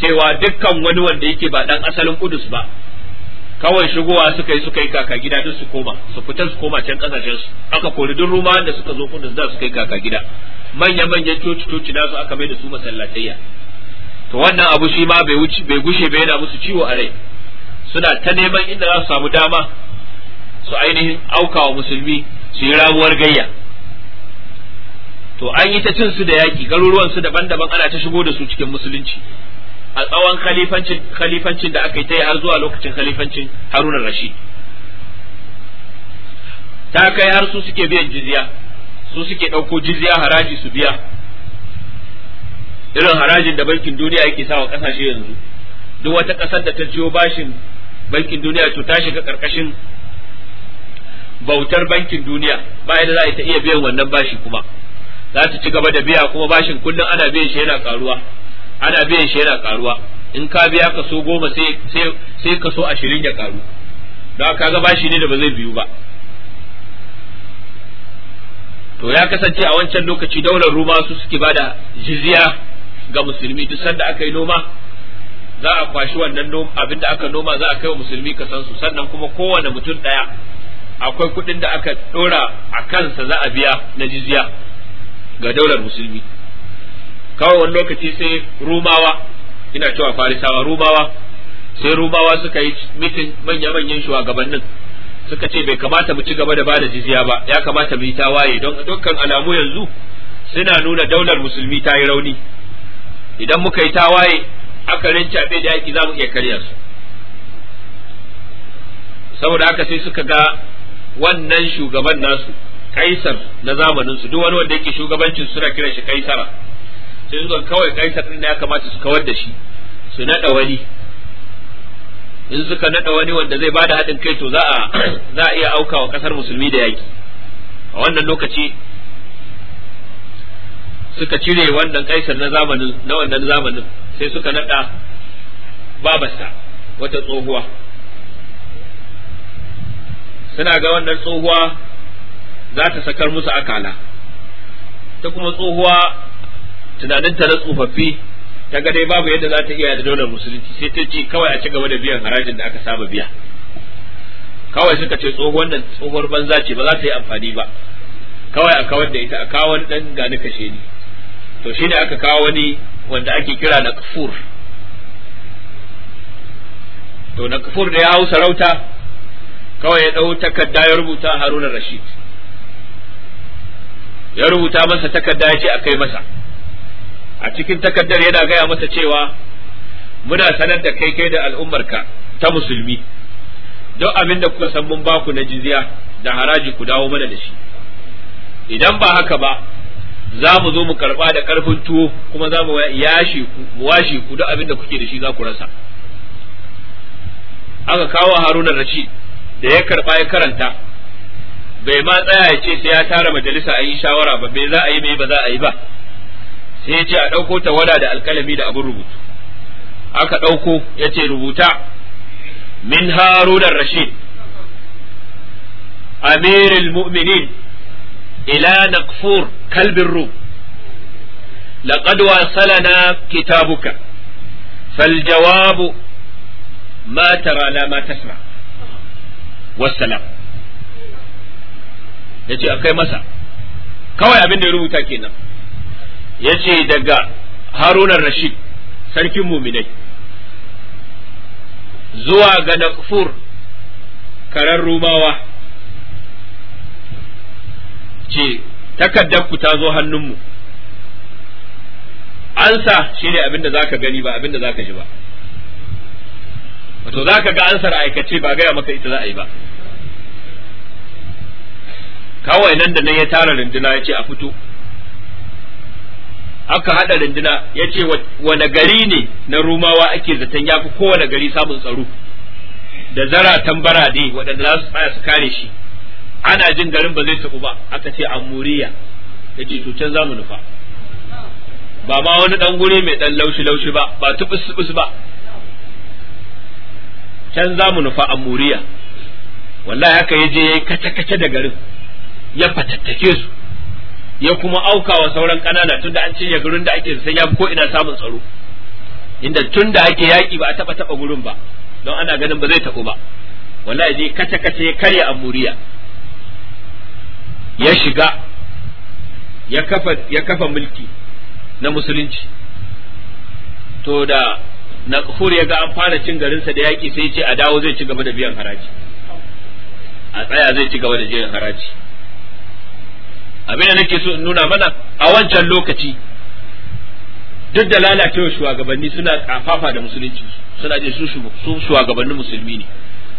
cewa dukkan wani wanda yake ba dan asalin kudus ba kawai shigowa suka yi suka yi kaka gida duk su koma su fita su koma can kasashen su aka kori duk ruma da suka zo kudus da suka yi kaka gida manya manyan coci coci da su aka mai da su masallatayya to wannan abu shi ma bai wuce bai gushe bai yana musu ciwo a rai suna ta neman inda za su samu dama su ainihin aukawa musulmi su yi ramuwar gayya to an yi ta cin su da yaki garuruwan su daban-daban ana ta shigo da su cikin musulunci a tsawon khalifancin khalifancin da aka yi ta har zuwa lokacin khalifancin Harun Rashid ta kai har su suke biyan jizya su suke ɗauko jizya haraji su biya irin harajin da bankin duniya yake sawa ƙasashe yanzu duk wata ƙasar da ta jiyo bashin bankin duniya to ta shiga ƙarƙashin bautar bankin duniya ba yadda za ta iya biyan wannan bashi kuma za ta ci gaba da biya kuma bashin kullum ana biyan shi yana karuwa ana biyan shi yana karuwa in ka biya kaso goma sai sai kaso ashirin ya karu don ka ga bashi ne da ba zai biyu ba to ya kasance a wancan lokaci daular ruma su suke da jizya ga musulmi duk sanda aka yi noma za a kwashi wannan abin da aka noma za a kai wa musulmi kasan su sannan kuma kowane mutum ɗaya akwai kuɗin da aka ɗora a kansa za a biya na jizya ga daular musulmi kawai wani lokaci sai rumawa ina cewa farisawa rumawa sai rumawa suka yi mitin manya-manyan shugabannin suka ce bai kamata mu ci gaba da bada jiziya ba ya kamata mu yi tawaye don dukkan alamu yanzu suna nuna daular musulmi ta yi rauni idan muka yi tawaye aka bai da yaki za mu iya karya su saboda haka sai suka ga wannan shugaban nasu kaisar na zamanin su. duk wani wanda yake shugabancin suna kiran shi kaisara yanzu kawai kaisar din ya kamata su kawar da shi su nada wani in suka nada wani wanda zai bada haɗin kai to za a (clears throat) za a iya auka wa kasar musulmi da yaki a wannan lokaci suka cire wannan kaisar na zamanin na wannan zamanin sai suka nada babasta wata tsohuwa suna ga wannan tsohuwa za ta sakar musu akala ta kuma tsohuwa tunaninta na tsofaffi ta ga dai babu yadda za ta iya da daular musulunci sai ta ce kawai a ci gaba da biyan harajin da aka saba biya kawai suka ce tsohuwar nan tsohuwar banza ce ba za ta yi amfani ba kawai a kawar da ita a kawar wani dan gani kashe ni to shi ne aka kawo wani wanda ake kira na kafur to na kafur da ya hau sarauta kawai ya ɗau takarda ya rubuta haruna rashid ya rubuta masa takarda ya ce a kai masa a cikin takardar yana gaya masa cewa muna sanar da kai kai da al'ummarka ta musulmi don abin da kuka san mun baku na jizya da haraji ku dawo mana da shi idan ba haka ba za mu zo mu karba da karfin tuwo kuma za mu yashi ku mu washi ku duk abin da kuke da shi za ku rasa aka kawo haruna rashi da ya karba ya karanta bai ma tsaya ya ce sai ya tara majalisa a yi shawara ba bai za a yi mai ba za a yi ba sai ya ce a ɗauko tawada da alkalami da abin rubutu aka ɗauko ya ce rubuta min harunar rashid amirul mu'minin ila nakfur kalbin rum لقد kitabuka كتابك jawabu ما ترى لا ما تسمع والسلام yace akai masa kawai abin da ya rubuta kenan yace daga Harunan rashid sarkin muminai zuwa ga nakfur karar rumawa ce takaddarku ta zo hannunmu ansa shine abinda zaka gani ba abinda zaka ji ba wato zaka ga ansar aikace ba gaya maka ita za a yi ba kawai nan da nan ya tara runduna ya ce a fito aka haɗa rinduna ya ce wane gari ne na rumawa ake zaton ya fi kowane gari samun tsaro da zara tambara ne waɗanda za su tsaya su kare shi ana jin garin ba zai taɓu ba aka ce amuriya ya ce can za mu nufa ba ma wani ɗan guri mai ɗan laushi-laushi ba ba tubus ba can za mu nufa amuriya wallahi haka ya je ya kace-kace da garin ya fatattake su ya kuma auka wa sauran kanana tunda an cinye gurin da ake sai ya ko ina samun tsaro inda tunda ake yaki ba a taba taba gurin ba don ana ganin ba zai tabo ba wallahi je kace kace karya amuriya ya shiga ya kafa ya kafa mulki na musulunci to da nakhur ya ga an fara cin garinsa da yaki sai ya ce a dawo zai ci gaba da biyan haraji a tsaya zai ci gaba da biyan haraji abin da nake so in nuna mana a wancan lokaci duk da lalacewa shugabanni suna kafafa da musulunci suna je su shugabannin musulmi ne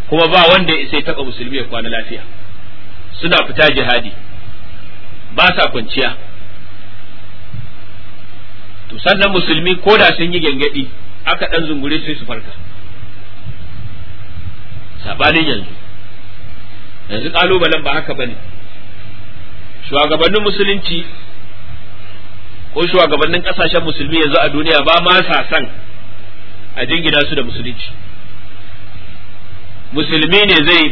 kuma ba wanda ya isa ya taba musulmi ya kwana lafiya suna fita jihadi ba sa kwanciya to sannan musulmi ko da sun yi gangadi aka dan zungure sai su farka sabanin yanzu yanzu kalubalen ba haka bane shugabannin musulunci ko shugabannin kasashen musulmi yanzu a duniya ba ma sa san a jingina su da musulunci musulmi ne zai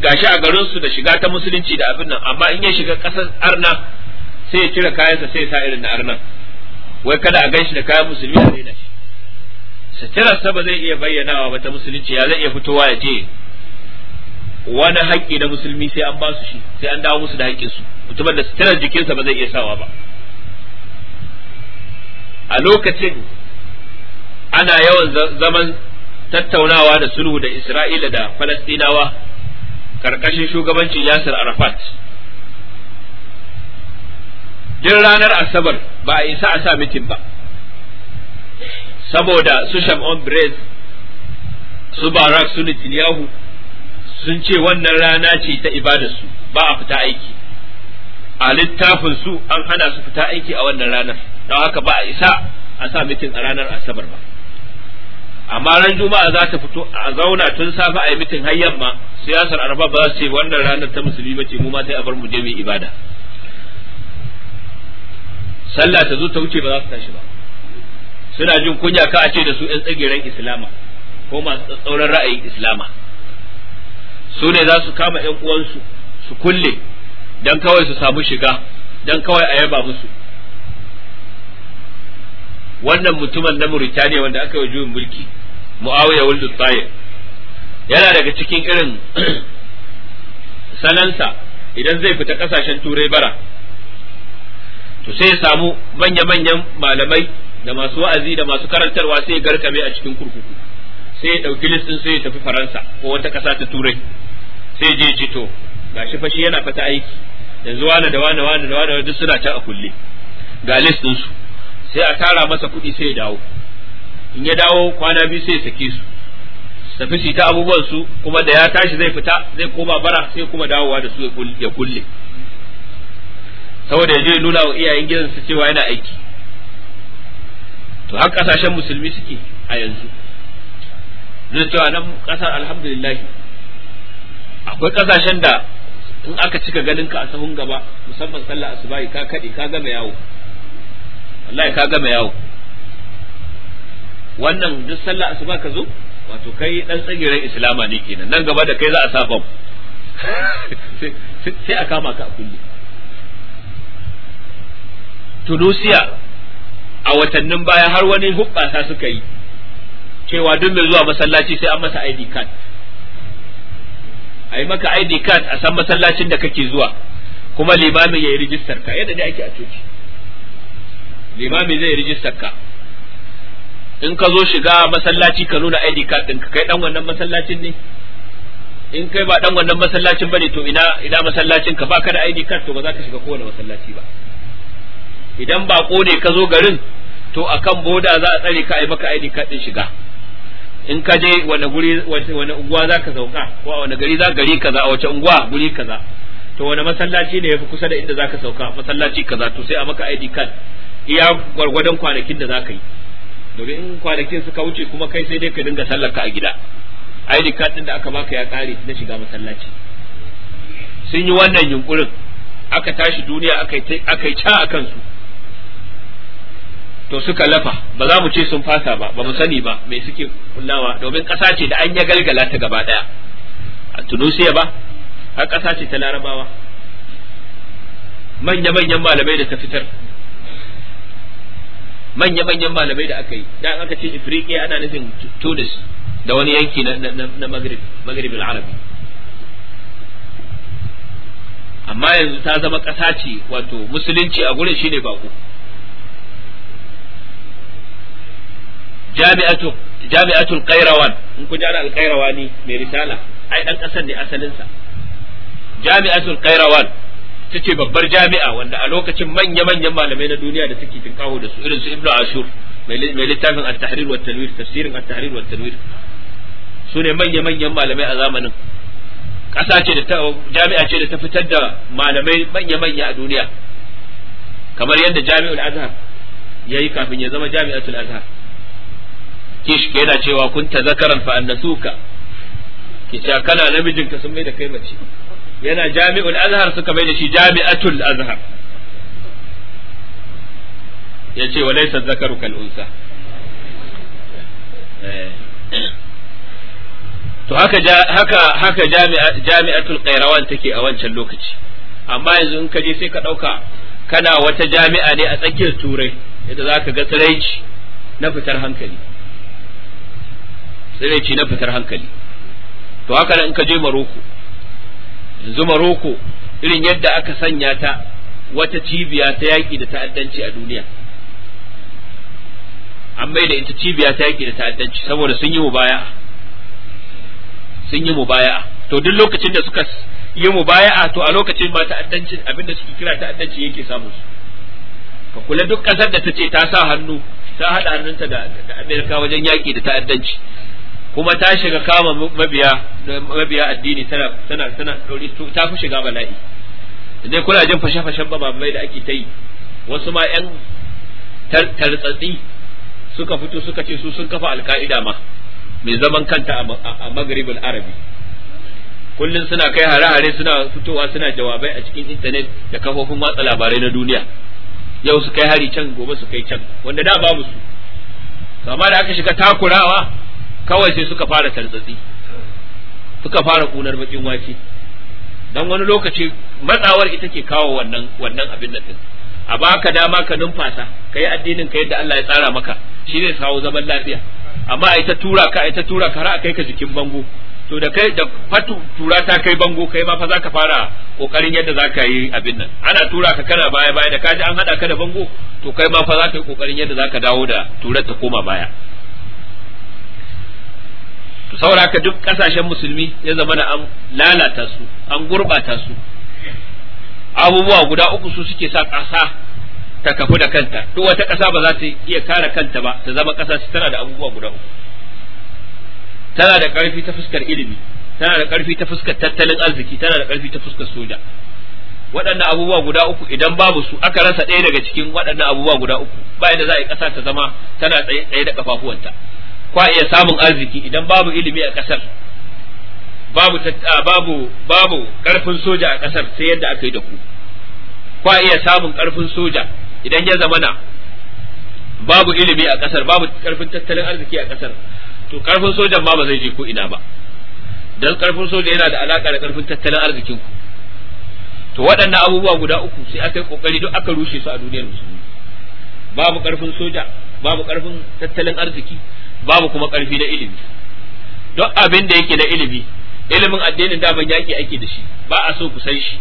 gashi a garin su da shiga ta musulunci da abin nan amma in ya shiga kasar arna sai ya cire kayansa sai ya sa irin na arna wai kada a ganshi da kayan musulmi a daina shi sa ba zai iya bayyanawa ba ta musulunci ya zai iya fitowa ya ce wani haƙƙi na musulmi sai an ba su shi sai an dawo musu da haƙƙinsu su mutumin da sitirar jikinsa ba zai iya sawa ba a lokacin ana yawan zaman tattaunawa da sulhu da isra'ila da falastinawa karkashin shugabancin yasir arafat duk ranar asabar ba a isa a sa mitin ba saboda su on brez su barak su sun ce wannan rana ce ta ibadarsu ba a fita aiki a littafin su an hana su fita aiki a wannan ranar don haka ba a isa a sa mitin a ranar asabar ba amma ran juma'a za ta fito a zauna tun safe a yi mitin har yamma siyasar arba ba za su ce wannan ranar ta musulmi ba ce mu ma sai a bar mu je mu ibada sallah ta zo ta wuce ba za su tashi ba suna jin kunya ka a ce da su yan tsagiran islama ko masu tsauran ra'ayin islama su ne za su kama yan uwansu su kulle dan kawai su samu shiga dan kawai a yaba musu wannan mutumin na Mauritania wanda aka yi juyin mulki Muawiya wal tsaye. yana daga cikin irin (clears throat) sanansa idan zai fita kasashen turai bara to sai ya samu manya-manyan malamai da masu wa'azi da masu karantarwa sai ya garkame a cikin kurkuku sai ya ɗauki listin sai ya tafi faransa ko wata ƙasa ta turai sai ya je to gashi fa shi yana fata aiki yanzu wane da wane wane da wane duk suna can a kulle ga list din su sai a tara masa kuɗi sai ya dawo in ya dawo kwana biyu sai ya sake su tafi su ta abubuwan su kuma da ya tashi zai fita zai koma bara sai kuma dawowa da su ya kulle saboda ya je nuna wa iyayen gidan su cewa yana aiki to har kasashen musulmi suke a yanzu zai cewa nan kasar alhamdulillah akwai kasashen da in aka cika ganin ka a sahun gaba musamman sallah asubahi ka kade ka gama yawo wallahi ka gama yawo wannan duk sallah asuba ka zo wato kai dan tsagiran islama ne kenan nan gaba da kai za a sa (laughs) sai a kama ka a kulle tunusiya a watannin baya har wani hubbasa suka yi cewa duk mai zuwa masallaci sai an masa ID card a yi maka ID card a san masallacin da kake zuwa kuma Limami ya yi rijistar ka yadda ne ake a coci Limami zai rijistar ka in ka zo shiga masallaci ka nuna ID card ɗinka kai dan wannan masallacin ne in kai ba dan wannan masallacin bane to ina ina masallacin ka baka da ID card to ba za ka shiga kowane masallaci ba idan ba ne ka zo garin to akan boda za a tsare ka ai maka ID card din shiga in ka je wani guri wani unguwa za ka sauka ko a wani gari za gari kaza a wace unguwa guri kaza to wani masallaci ne yafi kusa da inda za ka sauka masallaci kaza to sai a maka ID card iya gwargwadon kwanakin da za ka yi domin in kwanakin suka wuce kuma kai sai dai ka dinga sallarka a gida ID card din da aka baka ya kare na shiga masallaci sun yi wannan yunkurin aka tashi duniya aka yi ca a kansu to suka lafa ba za mu ce sun fasa ba ba mu sani ba me suke kullawa domin ƙasa ce da an ya galgala ta gaba ɗaya a tunusiya ba har ƙasa ce ta larabawa manya-manyan malamai da ta fitar manya-manyan malamai da aka yi da aka ce ifriqiya ana nufin tunis da wani yanki na maghrib maghrib al-arabi amma yanzu ta zama ƙasa ce wato musulunci a gurin shine bako jami'atu jami'atul qairawan in ku jana al-qairawani mai risala ai dan kasar ne asalin sa jami'atul qairawan tace babbar jami'a wanda a lokacin manya manyan malamai na duniya da suke kawo da su irin su ibn ashur mai littafin at-tahrir wa tanwir tafsirin at-tahrir wa tanwir su ne manya manyan malamai a zamanin kasa ce da ta jami'a ce da ta fitar da malamai manya manya a duniya kamar yadda jami'ul azhar yayi kafin ya zama jami'atul azhar kishk yana cewa kunta zakaran fa annasuka ki cewa kana ka sun mai da kai mace yana jami'ul azhar suka mai da shi jami'atul azhar ya ce wa laysa zakaru kal unsa eh. to haka haka haka jami'atul qairawan take a wancan lokaci amma yanzu in ka je sai ka dauka kana wata jami'a ne a tsakiyar turai yadda zaka ga tsiraici na fitar hankali ce na fitar hankali to haka nan in ka je maroko yanzu maroko irin yadda aka sanya ta wata cibiya ta yaƙi da ta'addanci a duniya an bai da ita cibiya ta yaƙi da ta'addanci saboda sun yi mubaya'a sun yi mubaya'a to duk lokacin da suka yi mubaya'a to a lokacin ma ta'addanci abinda suke kira ta'addanci yake samu su ka kula duk ƙasar da ta ce ta sa hannu ta haɗa hannunta da Amerika wajen yaƙi da ta'addanci kuma ta shiga kama mabiya mabiya addini tana tana tana ta fi shiga bala'i idan kuna jin fashe fashen babamai da ake ta yi wasu ma yan tartsatsi suka fito suka ce su sun kafa alka'ida ma mai zaman kanta a magribul arabi kullum suna kai hare-hare suna fitowa suna jawabai a cikin intanet da kafofin watsa labarai na duniya yau su kai hari can gobe su kai can wanda da babu su kama da aka shiga takurawa kawai sai suka fara tartsatsi suka fara kunar bakin wake dan wani lokaci matsawar ita ke kawo wannan wannan abin nan a baka dama ka numfasa kai addinin ka yadda Allah ya tsara maka shi zai kawo zaman lafiya amma ai ta tura ka ai ta tura ka har kai ka jikin bango to da kai da fatu tura ta kai bango kai ma fa zaka fara kokarin yadda zaka yi abin nan ana tura ka kana baya baya da kaji an hada ka da bango to kai ma fa zaka yi kokarin yadda zaka dawo da turar ta koma baya to saboda haka duk kasashen musulmi ya zama da an lalata su an gurbata su abubuwa guda uku su suke sa ƙasa ta kafu da kanta duk wata ƙasa ba za ta iya kare kanta ba ta zama ƙasa tana da abubuwa guda uku tana da ƙarfi ta fuskar ilimi tana da ƙarfi ta fuskar tattalin arziki tana da ƙarfi ta fuskar soja waɗannan abubuwa guda uku idan babu su aka rasa ɗaya daga cikin waɗannan abubuwa guda uku ba yadda za a yi ƙasa ta zama tana tsaye da ƙafafuwanta kwa iya samun arziki idan babu ilimi a kasar babu babu babu karfin soja a kasar sai yadda aka yi da ku kwa iya samun karfin soja idan ya zamana babu ilimi a kasar babu karfin tattalin arziki a kasar to karfin sojan ma ba zai je ko ina ba dan karfin soja yana da alaka da karfin tattalin arzikin ku to waɗannan abubuwa guda uku sai aka yi kokari duk aka rushe su a duniyar musulmi babu karfin soja babu karfin tattalin arziki babu kuma ƙarfi na ilimi duk abin da yake na ilimi ilimin addinin daman yaƙi ake da shi ba a so ku san shi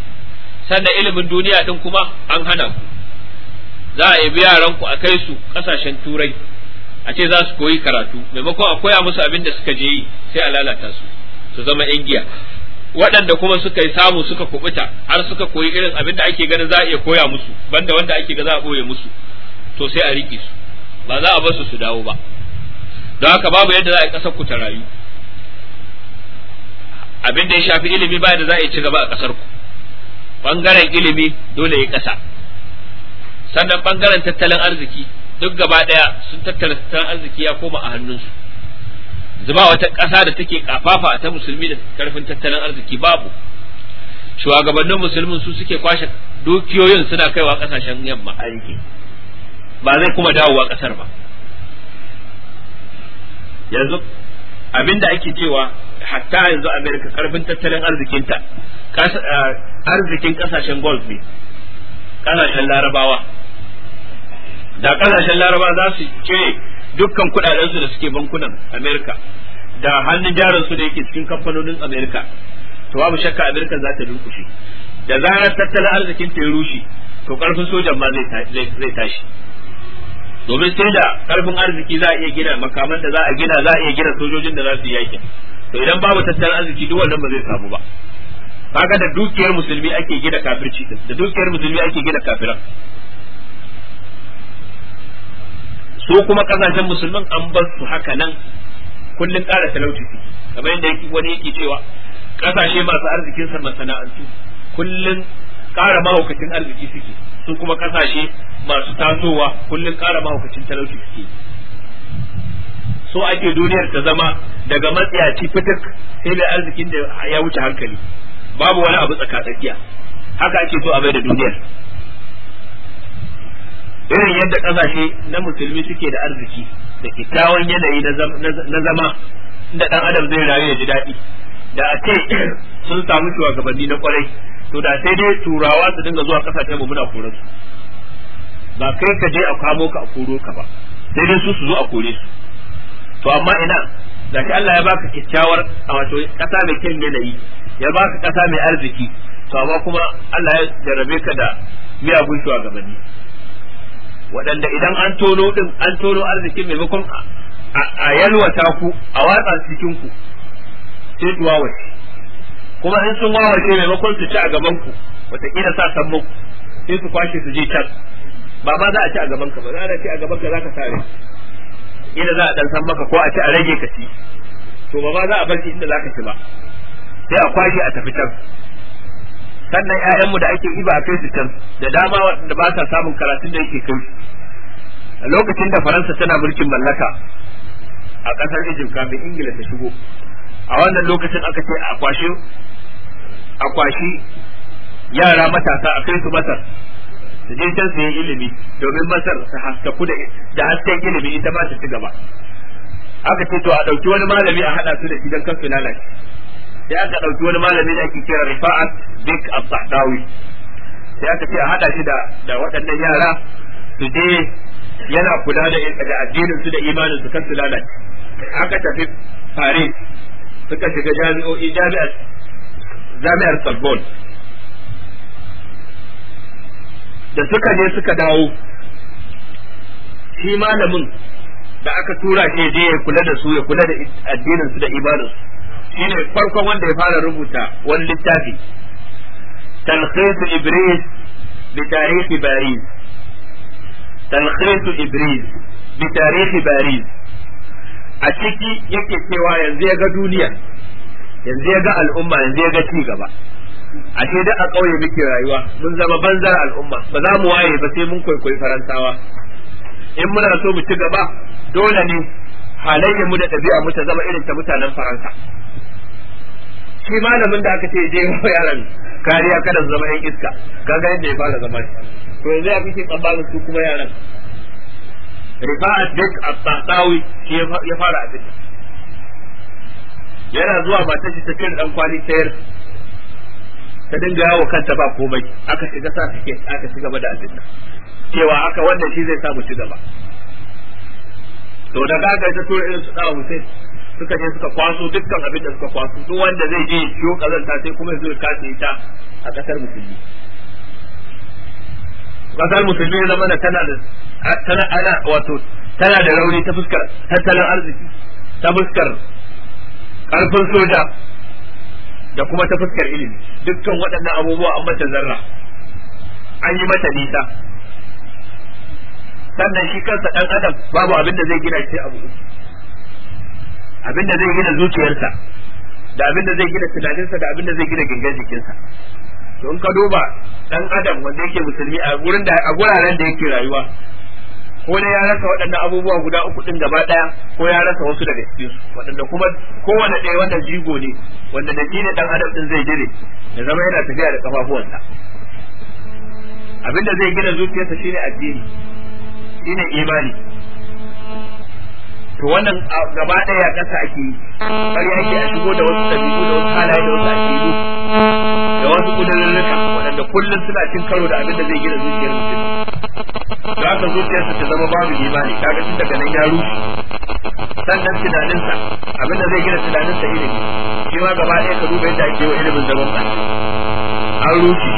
sannan ilimin duniya din kuma an hana ku za a yabi yaranku a kai su ƙasashen turai a ce za su koyi karatu maimakon a koya musu abin da suka je yi sai a lalata su su zama yan giya waɗanda kuma suka yi samu suka kubuta har suka koyi irin abin da ake ganin za a iya koya musu banda wanda ake ga za a ɓoye musu to sai a riƙe su ba za a basu su dawo ba don haka babu yadda za a yi ƙasar ku ta rayu abin da ya shafi ilimi ba da za a yi ci gaba a ƙasar ku bangaren ilimi dole ya ƙasa sannan bangaren tattalin arziki duk gaba ɗaya sun tattara tattalin arziki ya koma a hannunsu zuba wata ƙasa da take kafafa a ta musulmi da karfin tattalin arziki babu shugabannin musulmin su suke kwashe dukiyoyin suna kaiwa ƙasashen yamma ba zai kuma dawowa ƙasar ba yanzu abinda ake cewa hatta yanzu america karfin tattalin arzikinta arzikin kasashen golf ne kasashen larabawa da kasashen larabawa za su ce dukkan kudadensu da suke bankunan america da hannun jaransu da yake cikin kamfanonin america to babu shakka america za ta durkushe da zarar tattalin arzikin ta ya rushe to karfin sojan ma zai tashi domin sai da karfin arziki za a iya gina makaman da za a gina za a iya gina sojojin da za su yi yaki to idan babu tattalin arziki duk wannan ba zai samu ba kaga da dukiyar musulmi ake gina kafirci da dukiyar musulmi ake gina kafiran su kuma kasashen musulmin an bar su haka nan kullun ƙara talauci su kamar yadda wani yake cewa kasashe masu arzikin masana'antu kullun ƙara mahaukacin arziki suke su kuma kasashe masu tasowa kullum ƙara mahaukacin talauci suke so ake duniyar ta zama daga matsayaci fitik sai da arzikin da ya wuce hankali babu wani abu tsakatsakiya haka ake so a bai da duniyar irin yadda kasashe na musulmi suke da arziki da kyakkyawan yanayi na zama da dan adam zai rayu ya ji daɗi da a ce (clears throat) sun samu shugabanni na kwarai to da sai dai turawa su dinga zuwa kasashen mu muna kore su ba kai ka je a kamo ka a koro ka ba sai dai su su zo a kore su to amma ina da shi Allah ya baka kyakkyawar a wato kasa mai kyan yanayi ya baka kasa mai arziki to amma kuma Allah ya jarabe ka da miyagun shugabanni waɗanda idan an tono din an tono arzikin maimakon a yalwata ku a watsa cikin ku sai wace kuma in sun wawace maimakon su ci a gaban ku wataƙila sa san muku sai su kwashe su je can ba ma za a ci a gaban ka ba za a ci a gaban ka za ka sare Ina za a dan san maka ko a ci a rage ka ci to ba ma za a bar shi inda za ka ci ba sai a kwashe a tafi can sannan ƴaƴanmu da ake iba a kai su can da dama da ba sa samun karatun da yake kai a lokacin da faransa tana mulkin mallaka a ƙasar egypt kamin ingila ta shigo a wannan lokacin aka ce a kwashe a kwashi yara matasa a kai su masar su je can su yi ilimi domin masar su haskaku da hasken ilimi ita ba su ci gaba aka ce to a ɗauki wani malami a haɗa su da shi don kan su lalace sai aka ɗauki wani malami da ake kira rifa'at dik as-sahdawi sai aka ce a haɗa shi da da waɗannan yara su je yana kula da da addinin su da imanin su kan su lalace aka tafi faris suka shiga jami'o'i jami'ar jami'ar Sorbonne da suka je suka dawo shi malamin da aka tura shi je ya kula da su ya kula da addinin su da ibadarsu shi ne farkon wanda ya fara rubuta wani littafi talqis ibris bi tarihi bariz talqis ibris bi tarihi bariz a ciki yake cewa yanzu ya ga duniya yanzu ya ga al'umma yanzu ya ga ci gaba ashe da a ƙauye muke rayuwa mun zama banzar al'umma ba za mu waye ba sai mun kwaikwayi faransawa in muna so mu ci gaba dole ne halayyar mu da ɗabi'a mu ta zama irin ta mutanen faransa shi malamin da aka ce je wa yaran kariya kada zama yan iska kaga yadda ya fara zama to yanzu ya fice tsammanin su kuma yaran rifa'at dik at-tasawi ya fara abin yana zuwa matar shi ta cire dan kwali tayar ta dinga yawo kanta ba komai aka shiga sa take aka ci gaba da abin cewa aka wannan shi zai sa mu ci gaba to da kaga ta to irin su dawo sai suka je suka kwaso dukkan abin da suka kwaso duk wanda zai je yo kazanta sai kuma zai kace ta a kasar musulmi kasar musulmi zama da tana da tana ana wato tana da rauni ta fuskar tattalin arziki ta fuskar karfin soja da kuma ta fuskar ilimi dukkan waɗannan abubuwa an mata zarra an yi mata nisa sannan shi kansa ɗan adam babu abin da zai gina shi abu abin da zai gina zuciyarsa da abin da zai gina tunaninsa da abin da zai gina gangan jikinsa to in ka duba ɗan adam wanda yake musulmi a wuraren guraren da yake rayuwa ko ne ya rasa waɗannan abubuwa guda uku din gaba ɗaya ko ya rasa wasu daga cikin su waɗanda kuma kowane ɗaya wanda jigo ne wanda da ne dan adam din zai gire da zama yana tafiya da kafafuwansa abinda zai gina zuciyarsa shine addini shine imani to wannan gaba ɗaya ƙasa ake yi har yake a shigo da wasu ɗabi'u da wasu halaye da wasu addini da wasu ƙudurrurruka waɗanda kullum suna cin karo da abin da zai gina zuciyar mutum da aka zuciyarsa ta zama babu imani kaga tun daga nan ya rushe sannan tunaninsa abinda zai gina tunaninsa ilimi shi ma gaba ɗaya ka duba yadda ake wa ilimin zaman ba an rushe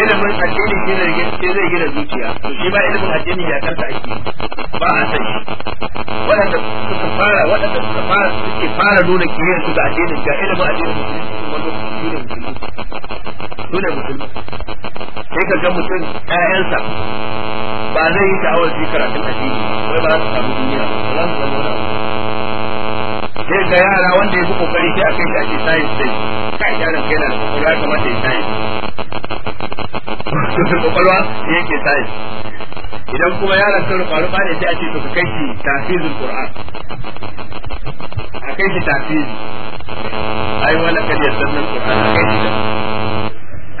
ilimin addini shi ne shi zai gina zuciya to shi ba ilimin addini ya kanta ake ba a sai wanda waɗanda suka fara waɗanda suka fara suke fara nuna kiyar su ga addinin ga ilimin addinin musulunci wanda su ne musulunci su ne musulunci sai ka ga mutum ƴaƴansa ba zai yi sha'awar shi karatun addini wai ba za su samu duniya ba za su samu wani abu sai ga yara wanda ya fi kokari sai a kai shi ake science din kai yaron kai na da kokari ya kamata ya science sun kwakwalwa ke science idan kuma yaron sun rufa rufa ne sai a ce to ka kai shi tafizin ƙura'an a kai shi tafizi ai wala kadiyar sannan ƙura'an a kai shi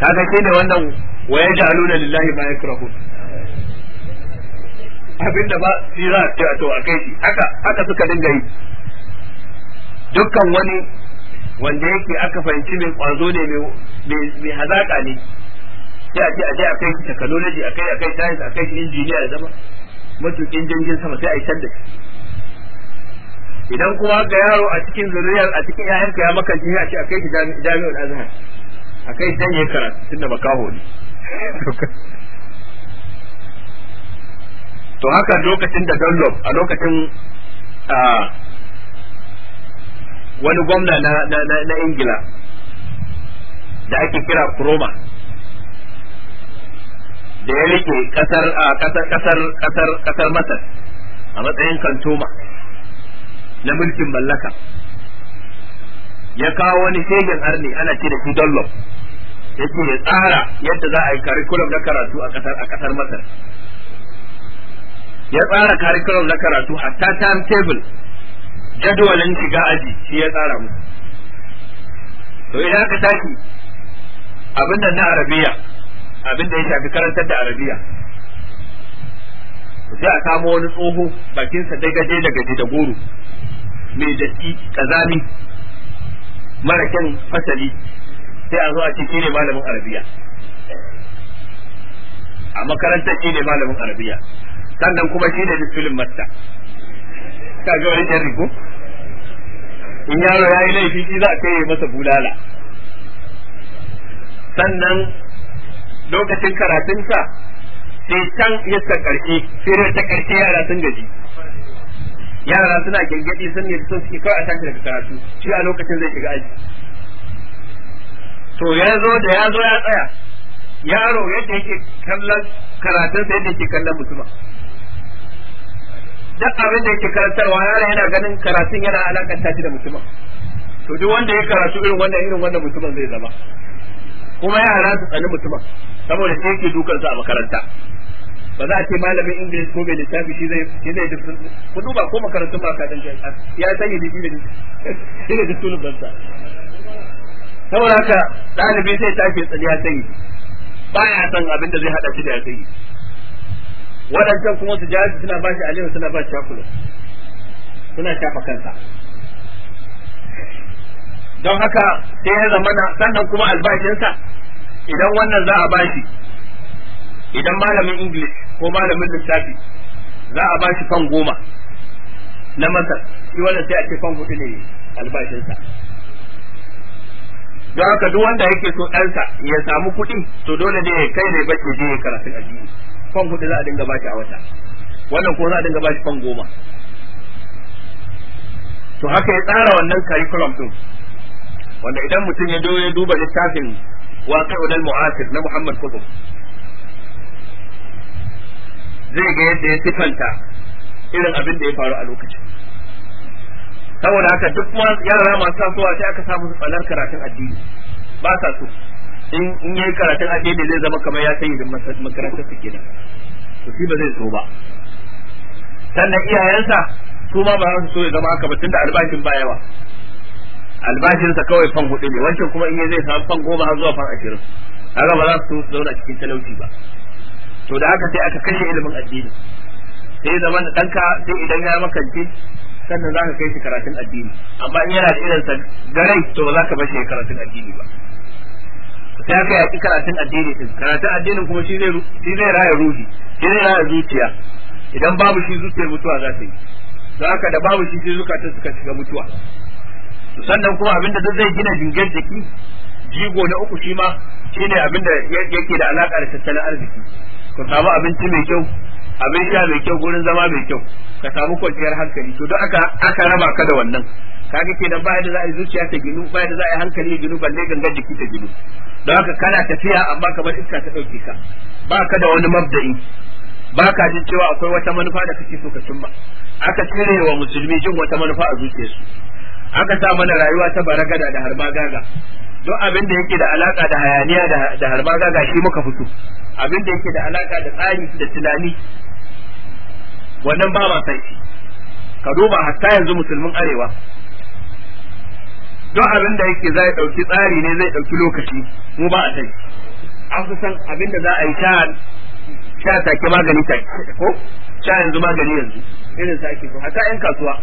kaga ke da wannan ويجعلون لله ما يكرهون abin da ba shi za a ce a to a kai shi haka haka suka dinga yi dukkan wani wanda yake aka fahimci mai kwazo ne mai hazaka ne sai a ce a je a kai shi technology a kai a kai science a kai shi injiniya ya zama matukin jirgin sama sai a yi da idan kuma ga yaro a cikin zuriyar a cikin ya'yanka ya makanci a ce a kai shi jami'ar azhar a kai shi dan yayi karatu tunda makaho ne to haka lokacin da Dunlop a lokacin wani gwamna na Ingila da ake kira Kuroma da ya rike kasar kasar kasar kasar kasar Masar a matsayin kantoma na mulkin mallaka ya kawo wani shegen arni ana ce da shi Dunlop yake ya tsara yadda za a yi karikulum na karatu a kasar a kasar Masar ya tsara karikulum na karatu a hatta timetable jadawalin shiga aji shi ya tsara mu to idan aka tashi abin da na arabiya abin da ya shafi karantar da arabiya sai a samu wani tsoho bakinsa dai gaje da gaje da goro mai datti kazami mara kyan fasali sai a zo a ce ne malamin arabiya a makarantar shi ne malamin arabiya sannan kuma shi ne filin masta ka ga wani jari ko in yaro ya yi laifi shi za a kai masa bulala sannan lokacin karatunsa sai can yadda karshe firar ta karshe yara sun gaji yara suna gyangyaɗi sun ne sun suke kawai a tashi daga karatu shi a lokacin zai shiga aji to ya zo da ya zo ya tsaya yaro yadda yake kallon karatun sai yadda yake kallon mutumin duk abin da yake karantarwa yaro yana ganin karatun yana alakanta shi da mutumin to duk wanda ya karatu irin wannan irin wannan mutumin zai zama kuma yara su tsani mutumin saboda sai yake dukan su a makaranta ba za a ce malamin English ko mai littafi shi zai shi zai ku duba ko makarantun ba ka dan ya sanya bibi ne shi ne da tulun bansa saboda haka ɗalibi sai tashi tsari ya sanyi baya san abin da zai hada shi da ya sanyi waɗancan kuma su jaji suna ba shi aliyu suna ba shi shakulan suna shafa kansa don haka sai ya zamana sannan kuma albashinsa idan wannan za a bashi idan malamin english ko malamin lissafi za a bashi fan goma na masar shi wannan sai a ce fan hudu ne albashinsa don haka duk wanda yake so ɗansa ya samu kuɗi to dole ne ya kai ne bacci je ya karatu addini fan kuɗi za a dinga bashi a wata wannan ko za a dinga bashi fan goma to haka ya tsara wannan curriculum din wanda idan mutum ya ya duba littafin waqi'ul mu'asir na Muhammad Kudu, zai ga yadda ya siffanta irin abin da ya faru a lokacin saboda haka duk ma yara masu tasowa sai aka samu su tsanar karatun addini ba sa so in in yi karatun addini zai zama kamar ya sani da makarantar su kenan to shi ba zai so ba sannan iyayensa su ma ba za su so ya zama haka ba tunda albashin ba yawa albashinsa kawai fan hudu ne wancan kuma in zai samu fan goma har zuwa fan ashirin haka ba za su zauna cikin talauci ba to da haka sai aka kashe ilimin addini sai zaman da ɗanka sai idan ya makance sannan za ka kai shi karatun addini amma in yana da sa garai to ba za ka bar shi karatun addini ba sai ka yaki karatun addini din karatun addinin kuma shi zai shi zai raya ruhi shi zai raya zuciya idan babu shi zuciyar mutuwa za ta yi don haka da babu shi sai zukata suka shiga mutuwa sannan kuma abinda duk zai gina jingar jiki jigo na uku shi ma shine abinda yake da alaka da tattalin arziki ku samu abinci mai kyau abin sha mai kyau gurin zama mai kyau ka samu kwanciyar hankali to don aka aka raba ka da wannan Ka ga kenan ba da za a yi zuciya ta ginu ba da za a yi hankali ya ginu balle ganga jiki ta ginu don haka kana tafiya amma kamar iska ta ɗauke ka ba ka da wani mabda'i ba ka jin cewa akwai wata manufa da kake so ka cimma aka tsere wa musulmi jin wata manufa a zuciyarsu aka sa mana rayuwa ta baragada da harba gaga don abin da yake da alaka da hayaniya da harbaga ga shi muka fito abin da yake da alaka da tsari da tunani wannan ba ma san shi ka duba hatta yanzu musulmin arewa don abin da yake zai dauki tsari ne zai dauki lokaci mu ba a san an fi san abin da za a yi sha sha take magani take ko sha yanzu magani yanzu irin sa ake so hatta yan kasuwa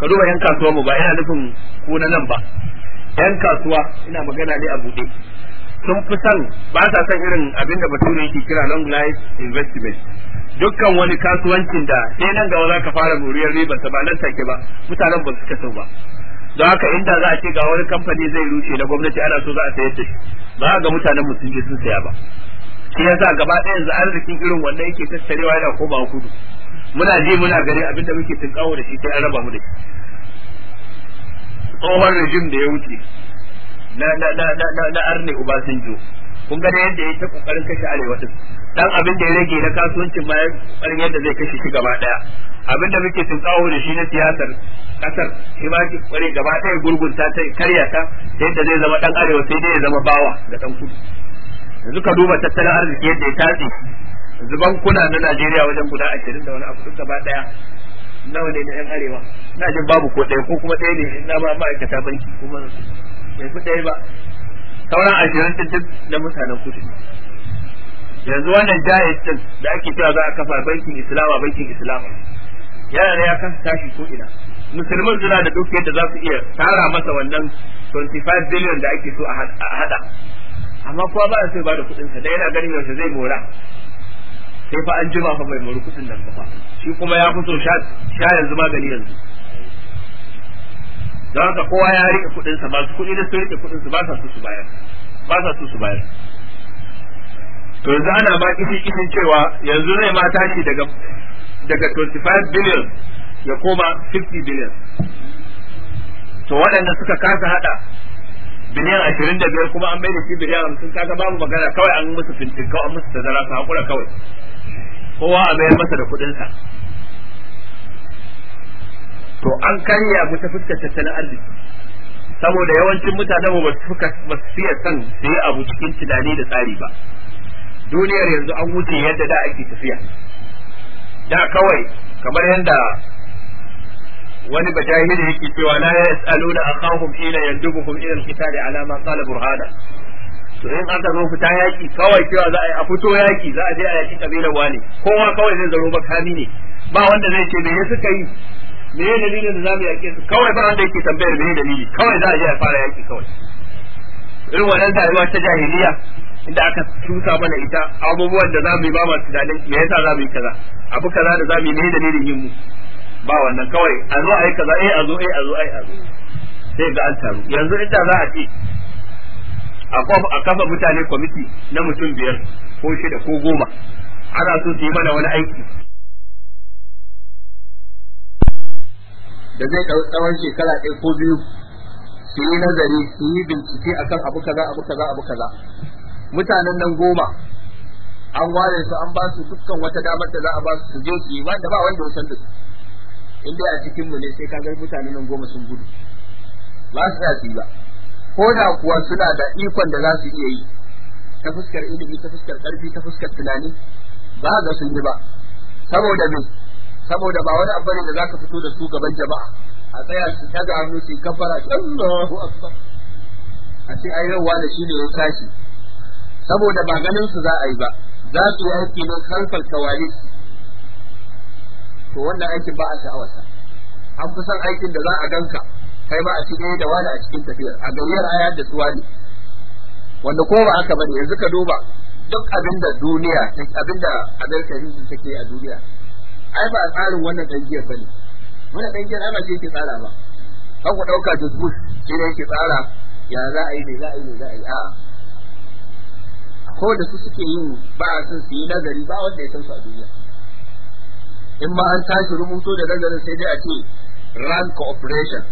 ka duba yan kasuwa mu ba ina nufin ko na nan ba yan kasuwa ina magana ne a buɗe sun fi san ba sa son irin abin abinda bature yake kira long life investment dukkan wani kasuwancin da sai nan gaba za ka fara muriyar riba ba nan take ba mutanen ba su kaso ba don haka inda za a ce ga wani kamfani zai rushe na gwamnati ana so za a sayar da shi ba ga mutanen mu sun je sun saya ba shi yasa gaba ɗaya yanzu arzikin irin wanda yake tattarewa yana koma kudu muna je muna abin da muke tunkawo da shi sai an raba mu da shi tsohon rejim da ya wuce na na na na na na arne kun ga yadda ya ta kokarin kashe arewa ta dan abin da ya rage na kasuwancin ma kokarin yadda zai kashe shi gaba daya abin da muke tsawo da shi na siyasar kasar shi ma ki kware gaba daya gurgunta ta karya ta yadda zai zama dan arewa sai dai ya zama bawa ga dan kudu yanzu ka duba tattalin arziki yadda ya tatse zuban kuna na Najeriya wajen guda 20 da wani abu gaba daya nawa ne na yan arewa na jin babu ko ɗaya ko kuma ɗaya ne na ba ma'aikata banki kuma bai fi ɗaya ba sauran ashirin ta duk na mutanen kudu yanzu wannan jahil din da ake cewa za a kafa bankin islama bankin islama yana da ya kasa tashi ko ina musulman suna da duk da za su iya tara masa wannan 25 billion da ake so a hada amma kuma ba a sai ba da kudin da yana ganin yaushe zai mora sai fa an jima fa bai murkusin nan ba shi kuma ya fito sha sha yanzu magani yanzu don ka kowa ya rike kudin sa masu kudi da su rike kudin sa ba sa su su bayar ba sa su su bayar to yanzu ana ba kishi kishin cewa yanzu zai ma tashi daga daga 25 billion ya koma 50 billion to waɗanda suka kasa hada biliyan ashirin da biyar kuma an bai da shi biliyan hamsin kaga babu magana kawai an musu fintin kawai an musu tazara su haƙura kawai kowa a bayar masa da kuɗinsa to an karya mu ta fuskar tattalin arziki saboda yawancin mutanen mu ba su fiye son su yi abu cikin tunani da tsari ba duniyar yanzu an wuce yadda da ake tafiya da kawai kamar yadda wani bajahili yake cewa la yasaluna akhahum hina yandubuhum ila alqitali ala ma qala burhana to in aka zo fita yaki kawai cewa za a yi a fito yaki za a je a yaki kabilar wani kowa kawai zai zaro makami ne ba wanda zai ce me suka yi me ne dalilin da zamu yaki su kawai ba wanda yake tambayar me dalili kawai za a je a fara yaki kawai irin wannan rayuwa ta jahiliya inda aka tusa mana ita abubuwan da zamu yi ba masu tunanin me yasa zamu yi kaza abu kaza da zamu yi me dalilin yin mu ba wannan kawai a zo a yi kaza eh a zo eh a zo eh a zo sai ga an taru yanzu inda za a ce a kafa mutane kwamiti na mutum biyar ko shida ko goma ana so su yi mana wani aiki da zai ɗau tsawon shekara ɗaya ko biyu su yi nazari su yi bincike akan abu kaza abu kaza abu kaza mutanen nan goma an ware su an ba su dukkan wata damar da za a ba su su je su yi wanda ba wanda ya san da in dai a cikin mu ne sai ga mutanen nan goma sun gudu ba su ya su ba ko da kuwa suna da ikon da za su iya yi ta fuskar ilimi ta fuskar ƙarfi ta fuskar tunani ba ga sun yi ba saboda me saboda ba wani abu ne da zaka fito da su gaban jama'a a tsaya su ga hannu su kafara Allahu akbar a ce ai rawa da shi ne ya tashi saboda ba ganin su za a yi ba za su yi aiki ne kalfar kawali to wannan aikin ba a sha'awarsa an fi son aikin da za a ganka kai ba a cikin da wani a cikin tafiyar a gayyar a yadda suwa ne. wanda ko ba haka bane yanzu ka duba duk abin da duniya abin da amerika yanzu take a duniya ai ba a tsarin wannan dangiyar bane wannan dangiyar ai ba ce yake tsara ba kan ku dauka da zuwa shi ne yake tsara ya za a yi ne za a yi ne za a yi a ko da su suke yin ba a son su yi nazari ba wanda ya san su a duniya in ma an tashi rubuto da nazarin sai dai a ce rank operation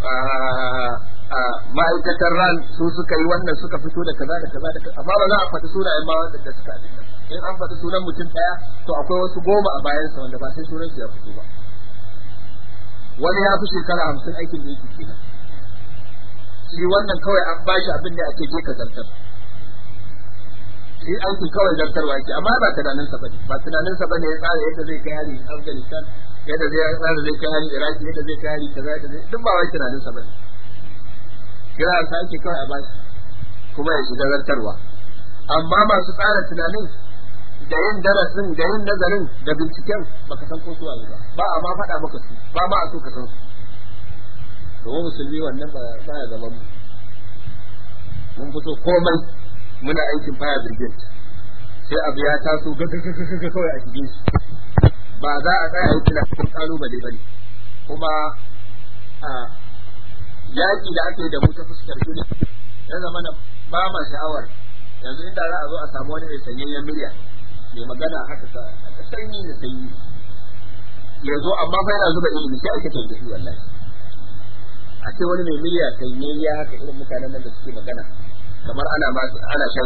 Ah, ah, ma'aikatar ran su suka yi wannan suka fito da kaza da kaza da kaza amma ba za a faɗi sunayen ba wanda da suka abin in an faɗi sunan mutum ɗaya to akwai wasu goma a bayansa wanda ba sai sunan ya fito ba wani ya fi shekara hamsin aikin da yake kenan shi wannan kawai an ba shi abin da ake je ka zartar shi aikin kawai zartarwa yake amma ba tunaninsa ba ne ba tunaninsa ba ne ya tsara yadda zai kai hari Afghanistan yadda zai tsara zai kai iraki yadda zai kai kaza yadda zai duk ba wai tunanin sa kira sa ake kawai a bashi kuma ya shiga zartarwa amma masu tsara tunanin da yin darasin da yin nazarin da binciken baka san ko suwa ba ba a ma faɗa maka su ba ma a so ka san su domin musulmi wannan ba sa ya mu mun fito komai muna aikin baya brigade sai abu ya taso gaggagaggaga kawai a shige ba za a tsaya yi cikin kalubale ba ne kuma yaƙi da aka yi da mu ta fuskar duniya ya zama na ba ma sha'awar yanzu inda za a zo a samu wani mai sanyayyen miliya mai magana haka sa haka sanyi da sanyi ya zo amma fa yana zuba ilimi sai ake tauhidi wallahi a ce wani mai miliya sanyayya haka irin mutanen nan da suke magana kamar ana ana shan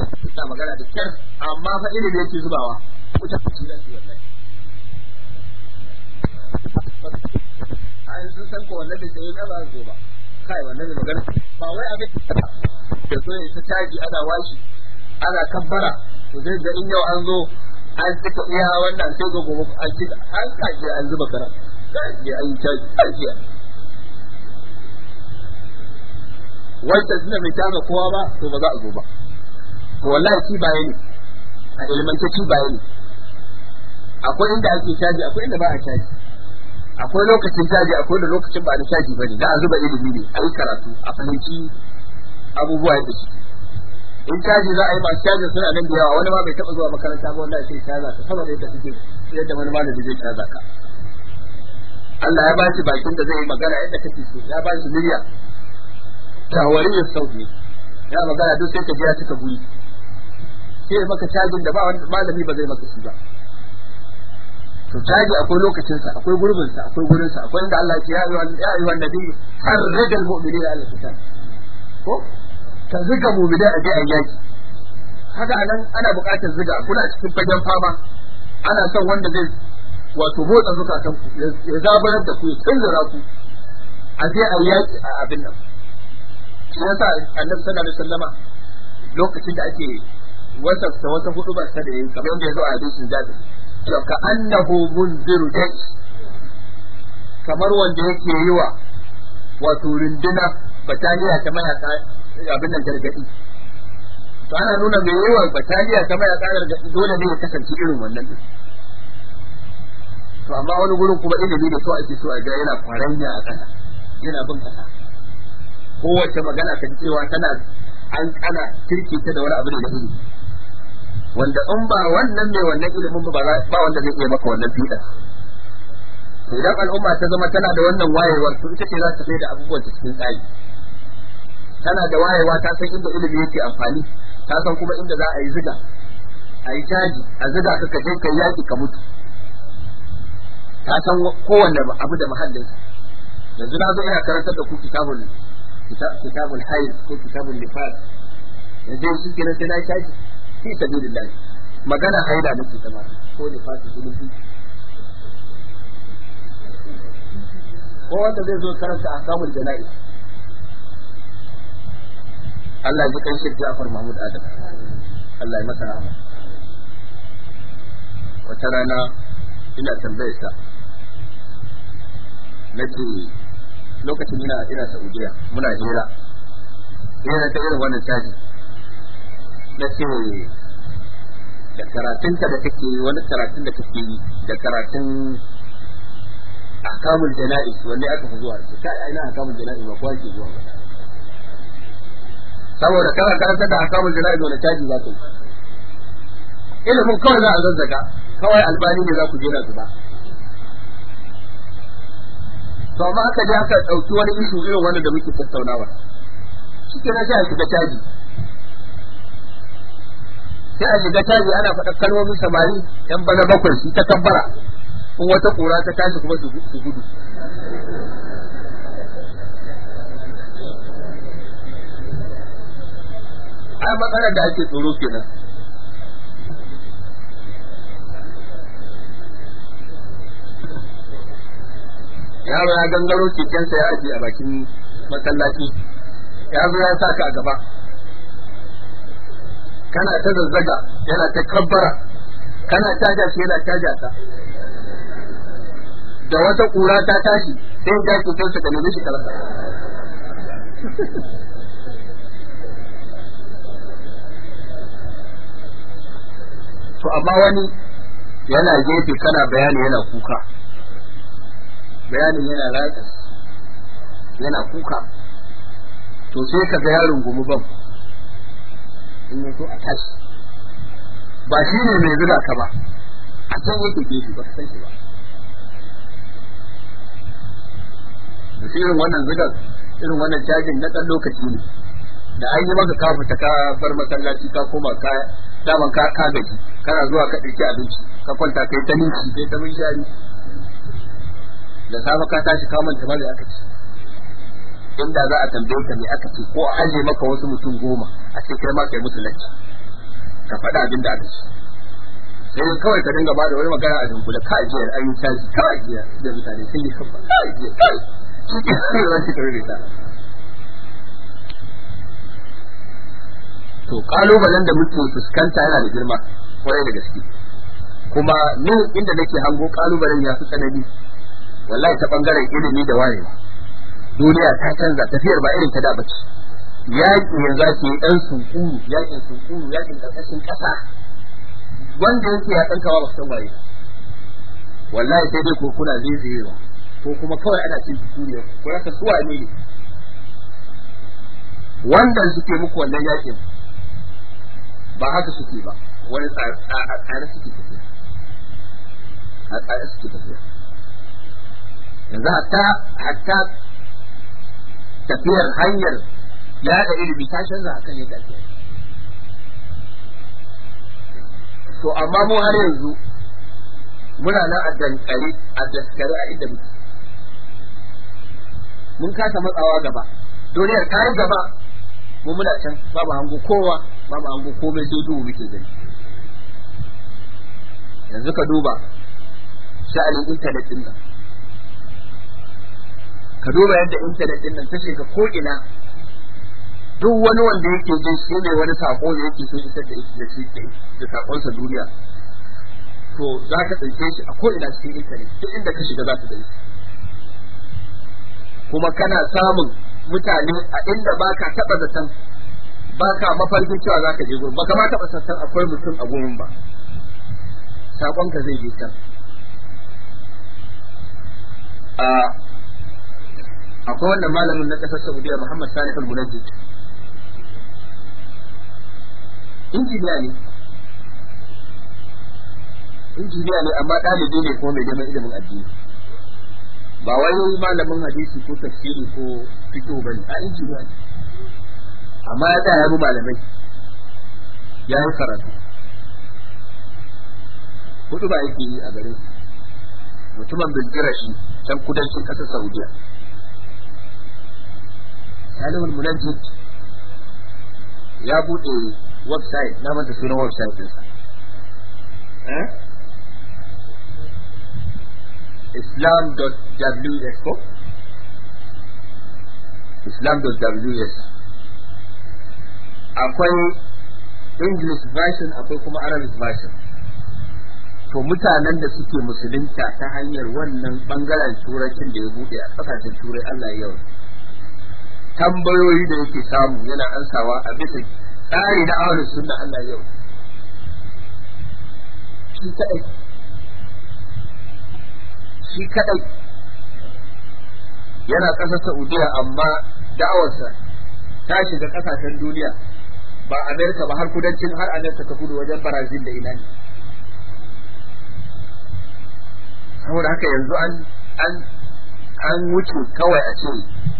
magana da kyar amma fa ilimi yake zubawa wuta ta ci da shi wallahi an sun san ko wannan da sai ya ba zo ba kai wannan ne magana ba wai abin da so ya taji ana washi ana kabbara to zai ga in yau an zo an cika iya wannan sai ga gobe an cika an kaje an zuba kara kaje an caji kaje wanda zina mai tara kowa ba to ba za a zo ba to wallahi shi baya ne a ilmantaci baya ne akwai inda ake caji akwai inda ba a caji akwai lokacin caji akwai da lokacin ba na caji ne da a zuba ilimi ne a yi karatu a fahimci abubuwa da shi in caji za a yi masu caji suna nan da yawa wani ma bai taɓa zuwa makaranta ba wanda shi caza zaka sama da yadda kake yadda wani malami zai caza ka Allah ya ba shi bakin da zai yi magana yadda kake so ya ba shi miliya tawari ya sauke ya magana duk sai ka biya ta ka guri sai maka cajin da ba wani malami ba zai maka shi ba to jihadi akwai lokacin sa akwai gurbin sa akwai gurin sa akwai inda Allah ya yi ya yi wannan nabi harrajal mu'minina ala kitab ko ka zuga mu'mina a dai yaki haka nan ana buƙatar zuga kuna cikin fagen fama ana son wanda zai wato motsa zukatan ku ya zabarar da ku ya tunzura ku a je a yaki a abin nan shi sa annabi sallallahu alaihi wasallama lokacin da ake wasa wata hudu ba ta da yayi kamar yadda ya zo a hadisin jabir ya ka annahu munziru dai kamar wanda yake yi wa wato rinduna bataliya ta mayaka abin nan gargadi to ana nuna mai wa bataliya ta mayaka gargadi dole ne ya kasance irin wannan din to amma wani gurin kuma ilimi da so ake so a ga yana kwaranya a kasa yana bin kasa kowace magana kan cewa tana an kana kirki ta da wani abu da ilimi wanda in ba wannan mai wannan ilimin ba ba wanda zai iya maka wannan fiɗa idan al'umma ta zama tana da wannan wayewar to ita ce za ta sai da abubuwan ta cikin tsari tana da wayewa ta san inda ilimi yake amfani ta san kuma inda za a yi ziga a yi caji a ziga ka ka je ka yaki ka mutu ta san kowanne abu da muhallin yanzu na zo ina karantar da ku kitabul kitabul hayr ko kitabul nifas yanzu shi kenan sai na yi caji fi sabilillah magana haida muke sama ko ne fasi zunubi ko wanda zai zo karanta ahkamul jana'iz Allah ya kai Sheikh Ja'far Mahmud Adam Allah ya masa rahama wata rana ina tambayar sa nace lokacin ina ina Saudiya muna hira ina ta irin wannan caji na ce da karatun ka da kake wani karatun da kake yi da karatun akamul jana'is wanne aka fi zuwa ta ina akamul jana'is ba kowa ke zuwa ba saboda kana karanta da akamul jana'is wani caji za ka yi ilimin kawai za a zazzaga kawai albani ne za ku jera su ba to amma aka je aka ɗauki wani isu irin wanda da muke tattaunawa shi ke na sha shiga caji sai a shiga tabi ana faɗa kalmomin samari yan bana bakwai shi ta tabbara, in wata kura ta tashi kuma su gudu a matsalar da ake tsoro kenan yaro ya gangaro kekensa ya ajiye a bakin masallaci ya zo ya sa ka gaba kana ta zazzaga yana ta kabbara kana caja shi yana caja ta da wata kura ta tashi sai ta ku sai ka nemi shi karanta to amma wani yana gefe kana bayani yana kuka bayanin yana ratsa yana kuka to sai ka ga yaron gumu ban in ya so a tashi ba shi ne mai zuga ka ba a can yake gefe ba san shi ba da shi irin wannan zugar irin wannan cajin na ɗan lokaci ne da an yi maka ka fita ka bar masallaci ka koma ka daman ka ka gaji kana zuwa ka ɗauki abinci ka kwanta kai ta minci kai ta minshari da safe ka tashi ka manta ba da aka ci inda za a tambaye ka me aka ce ko a aje maka wasu mutum goma a ce kai ma kai musu lacci ka faɗa abin da aka ce sai kawai ka dinga ba da wani magana a dunkule ka ajiyar an yi caji ka ajiyar da mutane sun yi kafa ka ajiyar ka ajiyar za su karbe ta to kalubalen da muke fuskanta yana da girma kwarai da gaske kuma ni inda nake hango kalubalen ya fi tsanani wallahi ta bangaren ilimi da wayewa duniya ta canza tafiyar ba irin ta da bace yaƙi yanzu ake ɗan sunkuru yaƙin sunkuru yaƙin ƙarƙashin ƙasa wanda yake ya ɗan kawa ba san waye wallahi sai dai ko kuna zaizayewa ko kuma kawai ana cin duniya ko ya su wane ne wanda suke muku wannan yaƙin ba haka suke ba wani tsare suke tafiya a tsare suke tafiya yanzu hatta hatta tafiyar hanyar yada ilimi ta canza kan yadda ake to amma mu har yanzu muna nan a dankare a daskare a inda muke mun kasa matsawa gaba duniyar ta gaba mu muna can babu hango kowa babu hango komai sai duhu muke gani yanzu ka duba sha'anin intanet din nan ka duba yadda intanet din nan ta shiga ko ina duk wani wanda yake jin shi ne wani sako da yake so isar da da shi da sakonsa duniya to za ka tsince shi a ko ina cikin intanet duk inda ka shiga za ka gani kuma kana samun mutane a inda ba ka taɓa zaton ba ka mafarkin cewa za ka je gurin ba ka ma taɓa zaton akwai mutum a gurin ba sakonka zai je can ah, akwai wannan malamin na kasar Saudiya Muhammad Salih al Inji injiniya ne injiniya ne amma ɗalibi ne ko mai neman ilimin addini ba wai malamin hadisi ko tafsiri ko fiqh bane a injiniya ne amma ya tsaya mu malamai ya yi karatu hudu ba yake yi a garin mutumin bilgirashi can kudancin kasar Saudiya salihul munajjid ya bude website na manta sunan website ɗinsa eh? islam.ws ko islam.ws akwai english version akwai kuma arabic version to mutanen da suke musulunta ta hanyar wannan bangaren turakin da ya bude a kasashen turai allah yau tambayoyi da yake samu yana ansawa a bisa tsari na ahlus sunna Allah yau shi kadai shi kadai yana ƙasar Saudiya amma da'awarsa ta shiga ƙasashen duniya ba a Amerika ba har kudancin har Amerika ta kudu wajen Brazil da ina ne saboda haka yanzu an an an wuce kawai a ce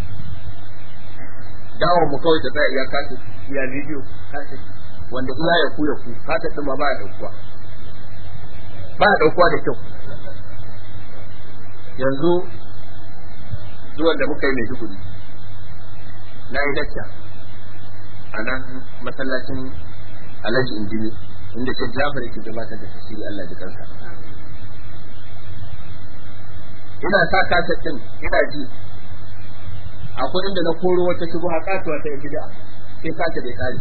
dawo mu kawai ta tsaya ya kasa iya bidiyo kasa wanda kuma ya ku ya ku kasa din ma ba ya daukuwa ba ya daukuwa da kyau yanzu zuwan da muka yi mai duguri na yi dacca a nan masallacin alhaji indimi inda ke jafar yake gabatar da tasiri Allah da kansa ina sa kasar ɗin ina ji akwai inda na koro wata shigo a katuwa ta bid'a sai sake bai kare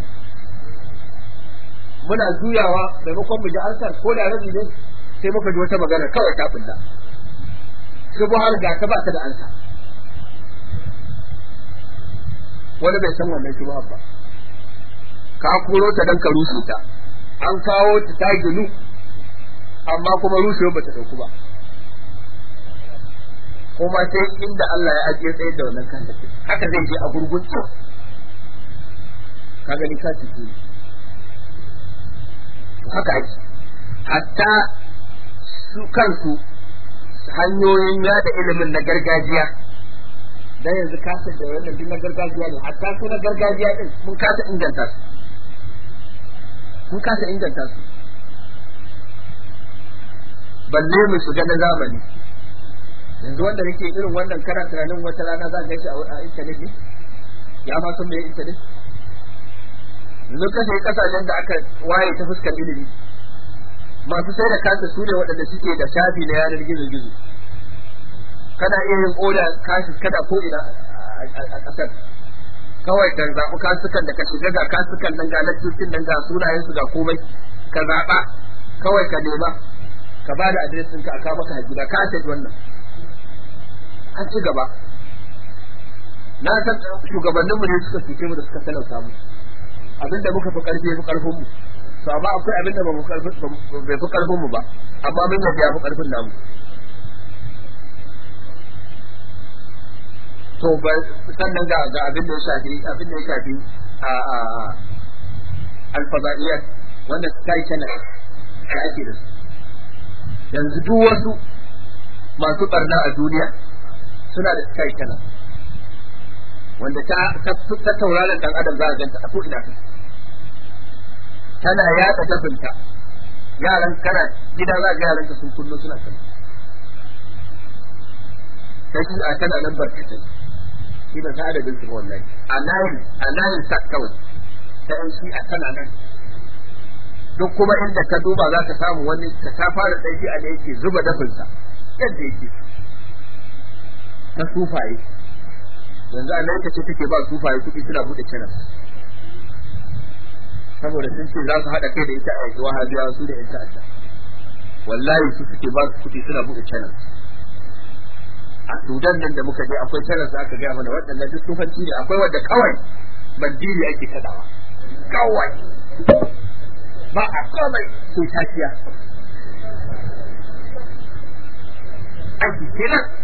muna juyawa maimakon mu ji ansar ko da rabi ne sai muka ji wata magana kawai ta bulla har ga ta ba ta da ansa wani bai san wannan shubhar ba ka koro ta dan ka rushe ta an kawo ta ta ginu amma kuma rushewa bata dauku ba ko ma sai inda Allah ya ajiye tsaye da wannan kanta haka zai je a gurgunta ka gani ka ciki haka ake hatta su kansu hanyoyin yada ilimin na gargajiya dan yanzu kasa da wannan din na gargajiya ne hatta su na gargajiya din mun kasa inganta su mun kasa inganta su balle mu shiga na zamani yanzu wanda nake irin wannan kana tunanin wata rana za ka shi a intanet ne ya ma san me intanet yanzu ka sai kasashen da aka waye ta fuskar ilimi masu sai da kasa su ne waɗanda suke da shafi na yanar gizo gizo kana iya yin oda kashi kada ko ina a ƙasar kawai ka zaɓi kasukan da ka shiga ga kasukan nan ga lakcocin nan ga sunayensu ga komai ka zaɓa kawai ka nema ka ba da adres a kawo maka hajjina ka wannan an ci gaba na san shugabannin mu ne suka cuce mu da suka talauta mu abinda muka fi karfi ya fi karfin mu to amma akwai abinda ba mu karfi bai fi karfin mu ba amma mun yi ya fi karfin namu to ba sannan ga ga abin da ya shafi abin da ya shafi a a alfadaiyat wanda sky channel da ake da su yanzu duk wasu masu barna a duniya suna da sky tana wanda ta ta tauraron dan adam za a ganta a ko ina tana yaɗa dafinta yaran kana gida za ga yaran sun kullo suna kan sai a kana nan barkatai shi ba ta adadin su wannan a nayin a nayin sa kawai ta yan shi a tana nan duk kuma inda ka duba za ka samu wani ka ta fara ɗaiki a da yake zuba dafinsa yadda yake ta sufaye yanzu amerika ce take ba sufaye kuɗi suna buɗe channel saboda sun ce za su haɗa kai da ita a yanzu wahabiyawa su da ita ta'adda wallahi su suke ba su kuɗi suna buɗe channel a sudan nan da muka je akwai channel da aka gaya mana waɗannan duk sufanci ne akwai wanda kawai bandiri ake kaɗawa kawai ba a komai sai tafiya aiki kenan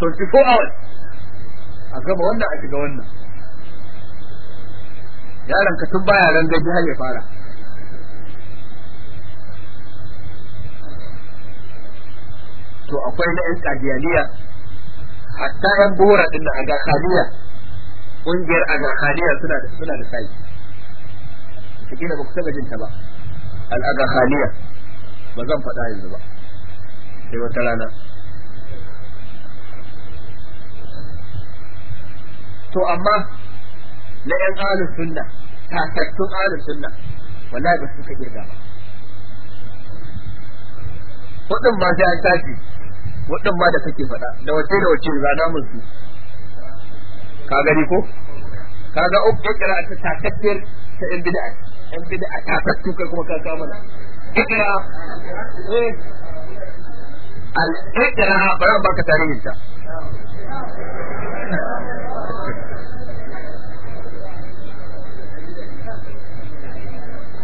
24 hours a gaba wannan a shiga wannan yaron ka tun baya ran gaji har ya fara to akwai na 'yan kadiyaniya hatta 'yan bora din da agakhaniya ƙungiyar agakhaniya suna da suna da sai kila ba ku saba jinta ba al agakhaniya ba zan faɗa yanzu ba sai wata rana to amma na ƴan ahlus sunna takattun ahlus sunna wallahi ba su ka girga ba wadin ba sai an tashi wadin ma da kake faɗa da wace da wace zana musu ka gani ko Ka kaga ukku kira ta takakkiyar ta ƴan bid'a yan bid'a takattu kai kuma ka kama na ikra eh al ikra bara baka tarihinta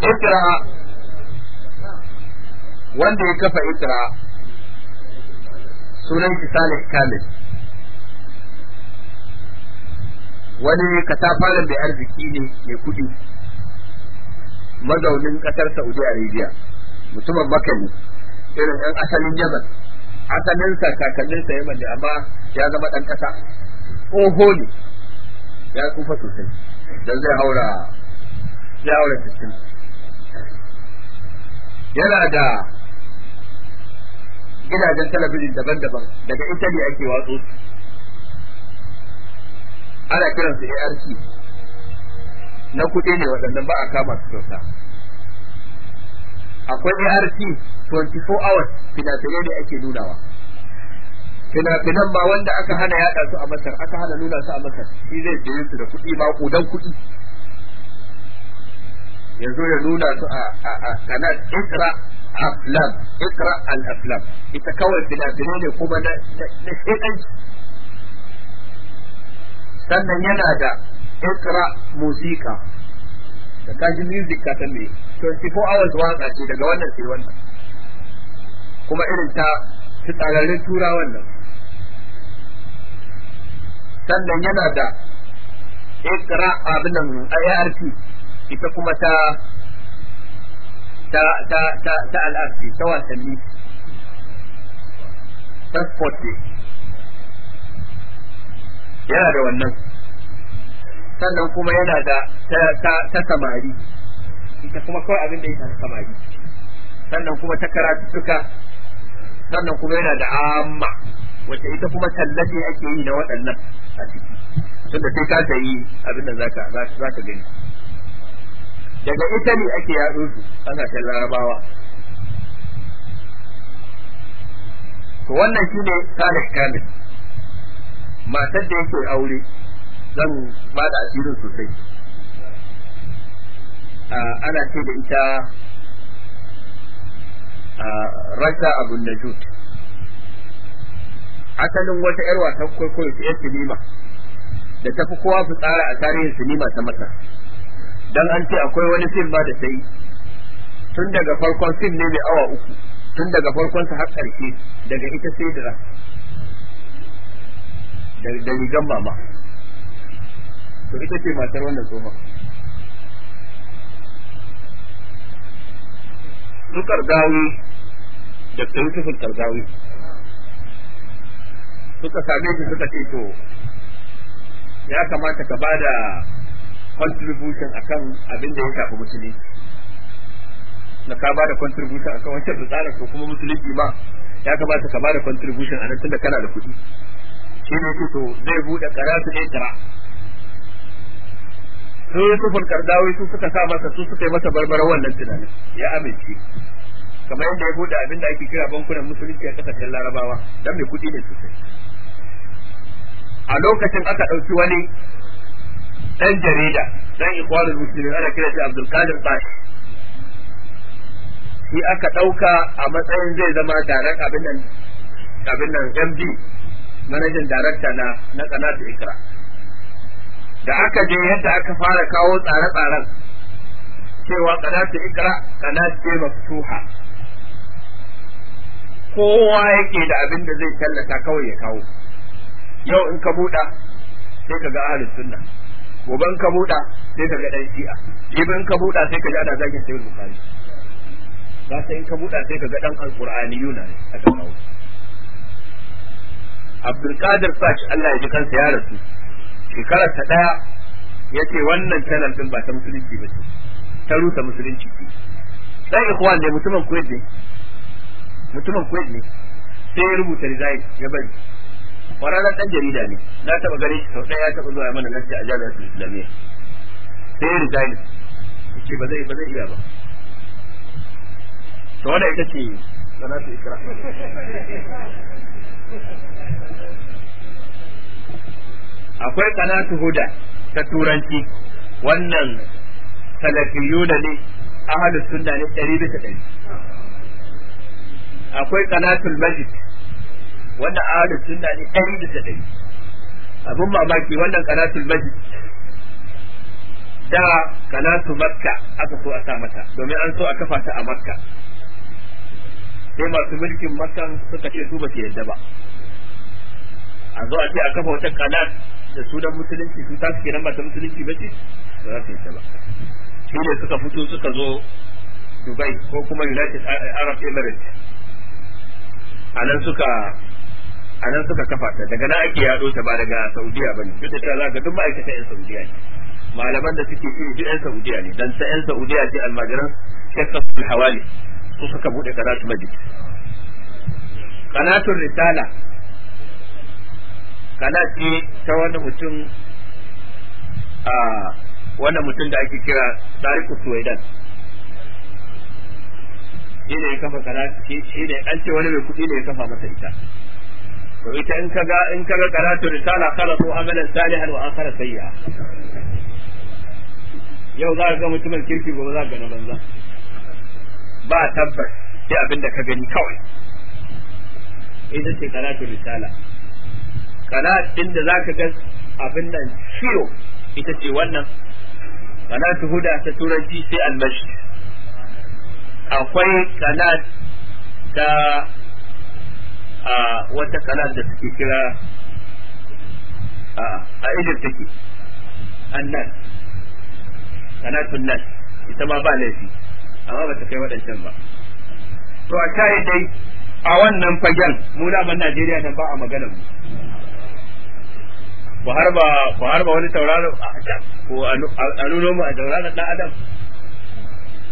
ikra wanda ya kafa ikra sunan Salih Kamil wani katafaren mai arziki ne mai kudi mazaunin kasar Saudi Arabia mutumin makani irin 'yan asalin Yaman asalinsa kakanninsa Yaman ne amma ya zama ɗan ƙasa oho ne ya tsufa sosai don zai haura ya haura yana da gidajen talabijin daban-daban daga italy ake watsu ana kiransu arc na kuɗi ne waɗannan ba a kama su kyauta akwai arc 24 hours finafinai ne ake nunawa finafinan ba wanda aka hana yaɗa su a masar aka hana nuna su a masar shi zai sayi su da kuɗi ba kudan kuɗi ya zo ya nuna su a kanal ikra aflam ikra al aflam ita kawai fina-finai ne kuma na shekanci sannan yana da ikra musika da kaji music ka san me 24 hours waka ce daga wannan sai wannan kuma irin ta tsararren tura wannan sannan yana da ikra abin nan ART ita kuma ta ta ta ta ta al'arfi ta wasanni ta sport ne yana da wannan sannan kuma yana da ta ta ta samari ita kuma kawai abin da ya samari sannan kuma ta karatuttuka sannan kuma yana da amma wacce ita kuma tallafi ake yi na waɗannan a ciki tunda sai ka yi abin da za ka gani daga ita ne ake yaɗo su ta larabawa to wannan shine salih kamil matar da yake aure zan ba da asirin sosai ana ce da ita rasha abun najut asalin wata yar wasan kwaikwayo ta yar sinima da tafi kowa su tsara a tarihin sinima ta masar dan an ce akwai wani fim ba da sai tun daga farkon fim ne mai awa uku tun daga farkon ta har karshe daga ita sai da da rigan mama to ita ce matar wannan tsohon su kardawi da tsirkifin kardawi suka same shi suka ce to ya kamata ka bada contribution kan abin da ya shafi musulunci na ka bada contribution kan wancan tsara ko kuma musulunci ba ya kamata ka bada contribution a nan tunda kana da kuɗi shi ne to zai buɗe karatu ɗaya tara. su Yusufun Kardawi su suka sa masa su suka yi masa barbara wannan tunanin ya amince kamar yadda ya buɗe abin da ake kira bankunan musulunci a ƙasashen Larabawa don mai kuɗi ne sosai a lokacin aka ɗauki wani Ɗan jarida dan ikhwanul muslimin ana kira shi Abdul Qadir Bashi shi aka ɗauka a matsayin zai zama darak abin nan abin nan MD manajan darakta na na kanata Ikra da aka je yadda aka fara kawo tsare-tsaren cewa kanata Ikra kanata ce maftuha kowa yake da abin da zai tallata kawai ya kawo yau in ka buɗa sai ka ga ahlus sunna goban ka buɗa sai ka ga ɗan shi'a ibn ka buɗa sai ka ji ana zagin sai bukari ba sai ka buɗa sai ka ga dan yuna ne a kan hawo abdul qadir fash Allah ya ji kansa ya rasu shekara ta daya yace wannan channel din ba ta musulunci ba ce ta rusa musulunci ce Sai ikhwan ne mutumin kuwait ne mutumin kuwait ne sai ya rubuta resign ya bari kwararren dan jarida ne na taba gare shi sau ɗaya ya taba zuwa mana lafiya a jami'ar islamiyya sai ya riga ne ce ba zai ba zai iya ba to wannan ita ce salatu ikra akwai kanatu huda ta turanci wannan salafiyuna ne ahlus sunna ne 100 bisa 100 akwai qanatul majid wannan ahlus sunna ne ɗari da ɗari abin mamaki wannan qanatul masjid da qanatu makka aka so a sa mata domin an so a kafa ta a makka sai masu mulkin makkan suka ce su ba su yadda ba a zo a ce a kafa wata kanat da sunan musulunci su ta suke nan ba ta musulunci ba ce ba za su yi ba shi ne suka fito suka zo dubai ko kuma united arab emirates a nan suka a nan suka kafa ta daga nan ake yaɗo ta ba daga saudiya ba ne duk da cewa za ka duk ma'aikata 'yan saudiya ne malaman da suke iri duk 'yan saudiya ne dan ta 'yan saudiya ce almajiran shekkasul hawali su suka buɗe karatu majid kanatun risala kanati ta wani mutum a wannan mutum da ake kira tariku suwaidan shi ne ya kafa kanati shi ne an ce wani mai kuɗi ne ya kafa masa ita to ita in kaga in kaga karatu risala khalaqu amalan salihan wa akhara sayya yau za ka ga mutumin kirki gobe za ka ga banza ba tabbas sai abin da ka gani kawai ita ce karatu risala kanatin da za ka ga abin nan ciwo ita ce wannan huda ta turanci sai almashi akwai kanat ta a wata kalar da suke kira a idan take annan kanatun nan ita ma ba laifi amma ba ta kai waɗancan ba to a kai dai a wannan fagen mu da ban Najeriya da ba a magana mu ku harba ku ba wani tauraro a Adam, ko a nuno mu a tauraron dan adam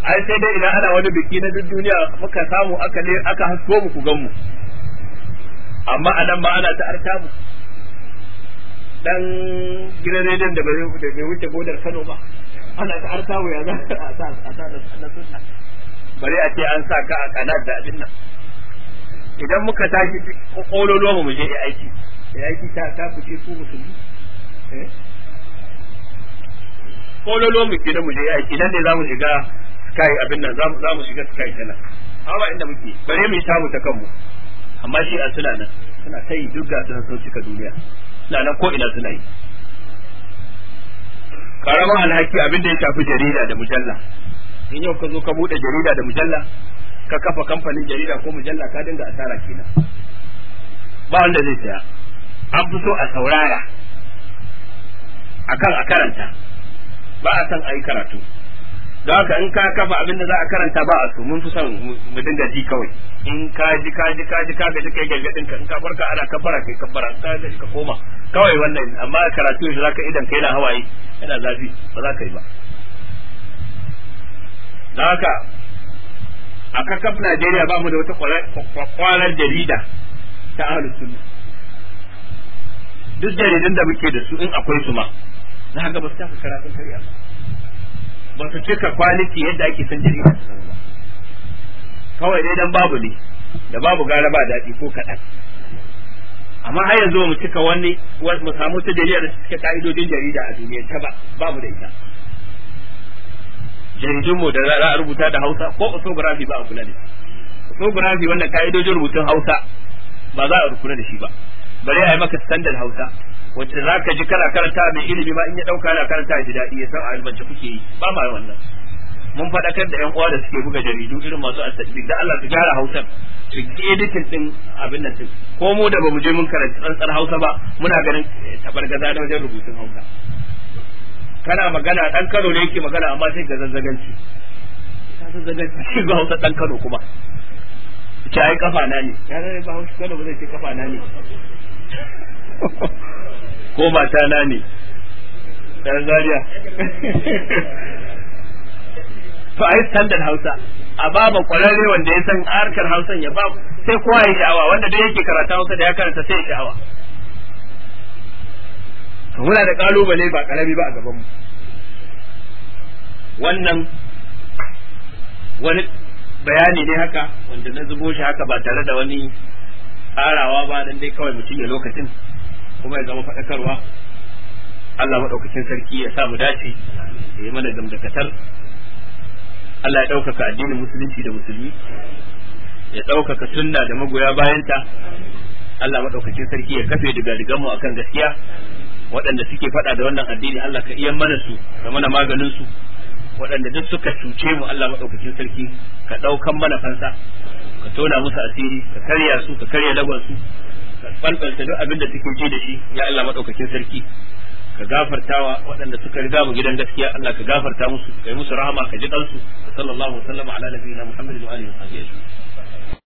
ai sai dai idan ana wani biki na duk duniya muka samu aka ne aka hasko mu ku gan mu amma anan ma ana ta artabu dan gidan rediyon da bai da bai wuce godar Kano ba ana ta artabu ya za a sa a sa da sunna a ce an sa ka a kanar da abin nan idan muka tashi kololo mu je aiki aiki ta ta ku ce ku musulmi eh kololo mu kida mu je aiki nan ne zamu shiga sky abin nan zamu zamu shiga sky kenan amma inda muke bare mu yi samu ta kanmu amma shi a suna nan suna ta yi duk gasar sun cika duniya suna nan ko ina suna yi karamar alhaki abin da ya shafi jarida da mujalla in yau ka zo ka buɗe jarida da mujalla ka kafa kamfanin jarida ko mujalla ka dinga asara kenan ba wanda zai saya an fito a saurara akan a karanta ba a san a yi karatu don haka in ka kafa abin da za a karanta ba a so mun fi son mu dinga ji kawai in ka ji ka ji ka ji ka ga kai galgadin ka in ka farka ana kabbara kai kabbara ka ga ka koma kawai wannan amma karatu da zaka idan kai na hawaye yana zafi ba za ka yi ba dan haka a kakaf Najeriya ba mu da wata da jarida ta ahlus sunna duk jaridan da muke da su in akwai su ma na ga ba su ta karatun kariya. ba su cika kwaliti yadda ake san jarida kawai dai dan babu ne da babu gara ba daɗi ko kaɗan amma har yanzu mu cika wani mu samu ta jarida da suke ka'idojin jarida a duniya ta ba babu da ita jaridun mu da za a rubuta da Hausa ko orthography ba a kula da shi orthography wannan ka'idojin rubutun Hausa ba za a kula da shi ba bare a yi maka standard Hausa wacce za ka ji kana karanta mai ilimi ba in ya ɗauka yana karanta shi daɗi ya san a ilmance kuke yi ba ma wannan mun faɗakar da yan uwa da suke buga jaridu irin masu asali da Allah su gyara Hausa su editin din abin nan din ko mu da bamu je mun karanta tsantsar Hausa ba muna ganin eh, tabargaza da wajen rubutun Hausa kana magana dan Kano ne yake magana amma sai ga zazzaganci ka zazzaganci shi ga Hausa dan Kano kuma ce yi kafa na ne ya ne ba Hausa Kano ba zai ce kafa na ne ko mata na ne dan zariya (laughs) to a standard hausa a baba kwararre wanda ya san harkar Hausa ya ba sai kowa ya sha'awa wanda dai yake karata hausa da ya karanta sai ya sha'awa to muna da kalubale ba karami ba a gaban mu wannan wani bayani ne haka wanda na zubo shi haka ba tare da wani tsarawa ba dan dai kawai mutum ya lokacin kuma ya zama faɗakarwa Allah maɗaukacin sarki ya sa mu dace ya yi mana zamdakatar Allah ya ɗaukaka addinin musulunci da musulmi ya ɗaukaka sunna da magoya bayanta Allah maɗaukakin sarki ya kafe daga mu akan gaskiya waɗanda suke faɗa da wannan addini Allah ka iya mana su ka mana maganin su waɗanda duk suka cuce mu Allah maɗaukakin sarki ka ɗaukan mana fansa ka tona musu asiri ka karya su ka karya lagon su ka falfalta duk abin da suke ji da shi ya Allah maɗaukakin sarki ka gafarta wa waɗanda suka riga mu gidan gaskiya Allah ka gafarta musu kai musu rahama ka ji kansu sallallahu alaihi wa sallam ala nabiyina muhammadin wa alihi wa sahbihi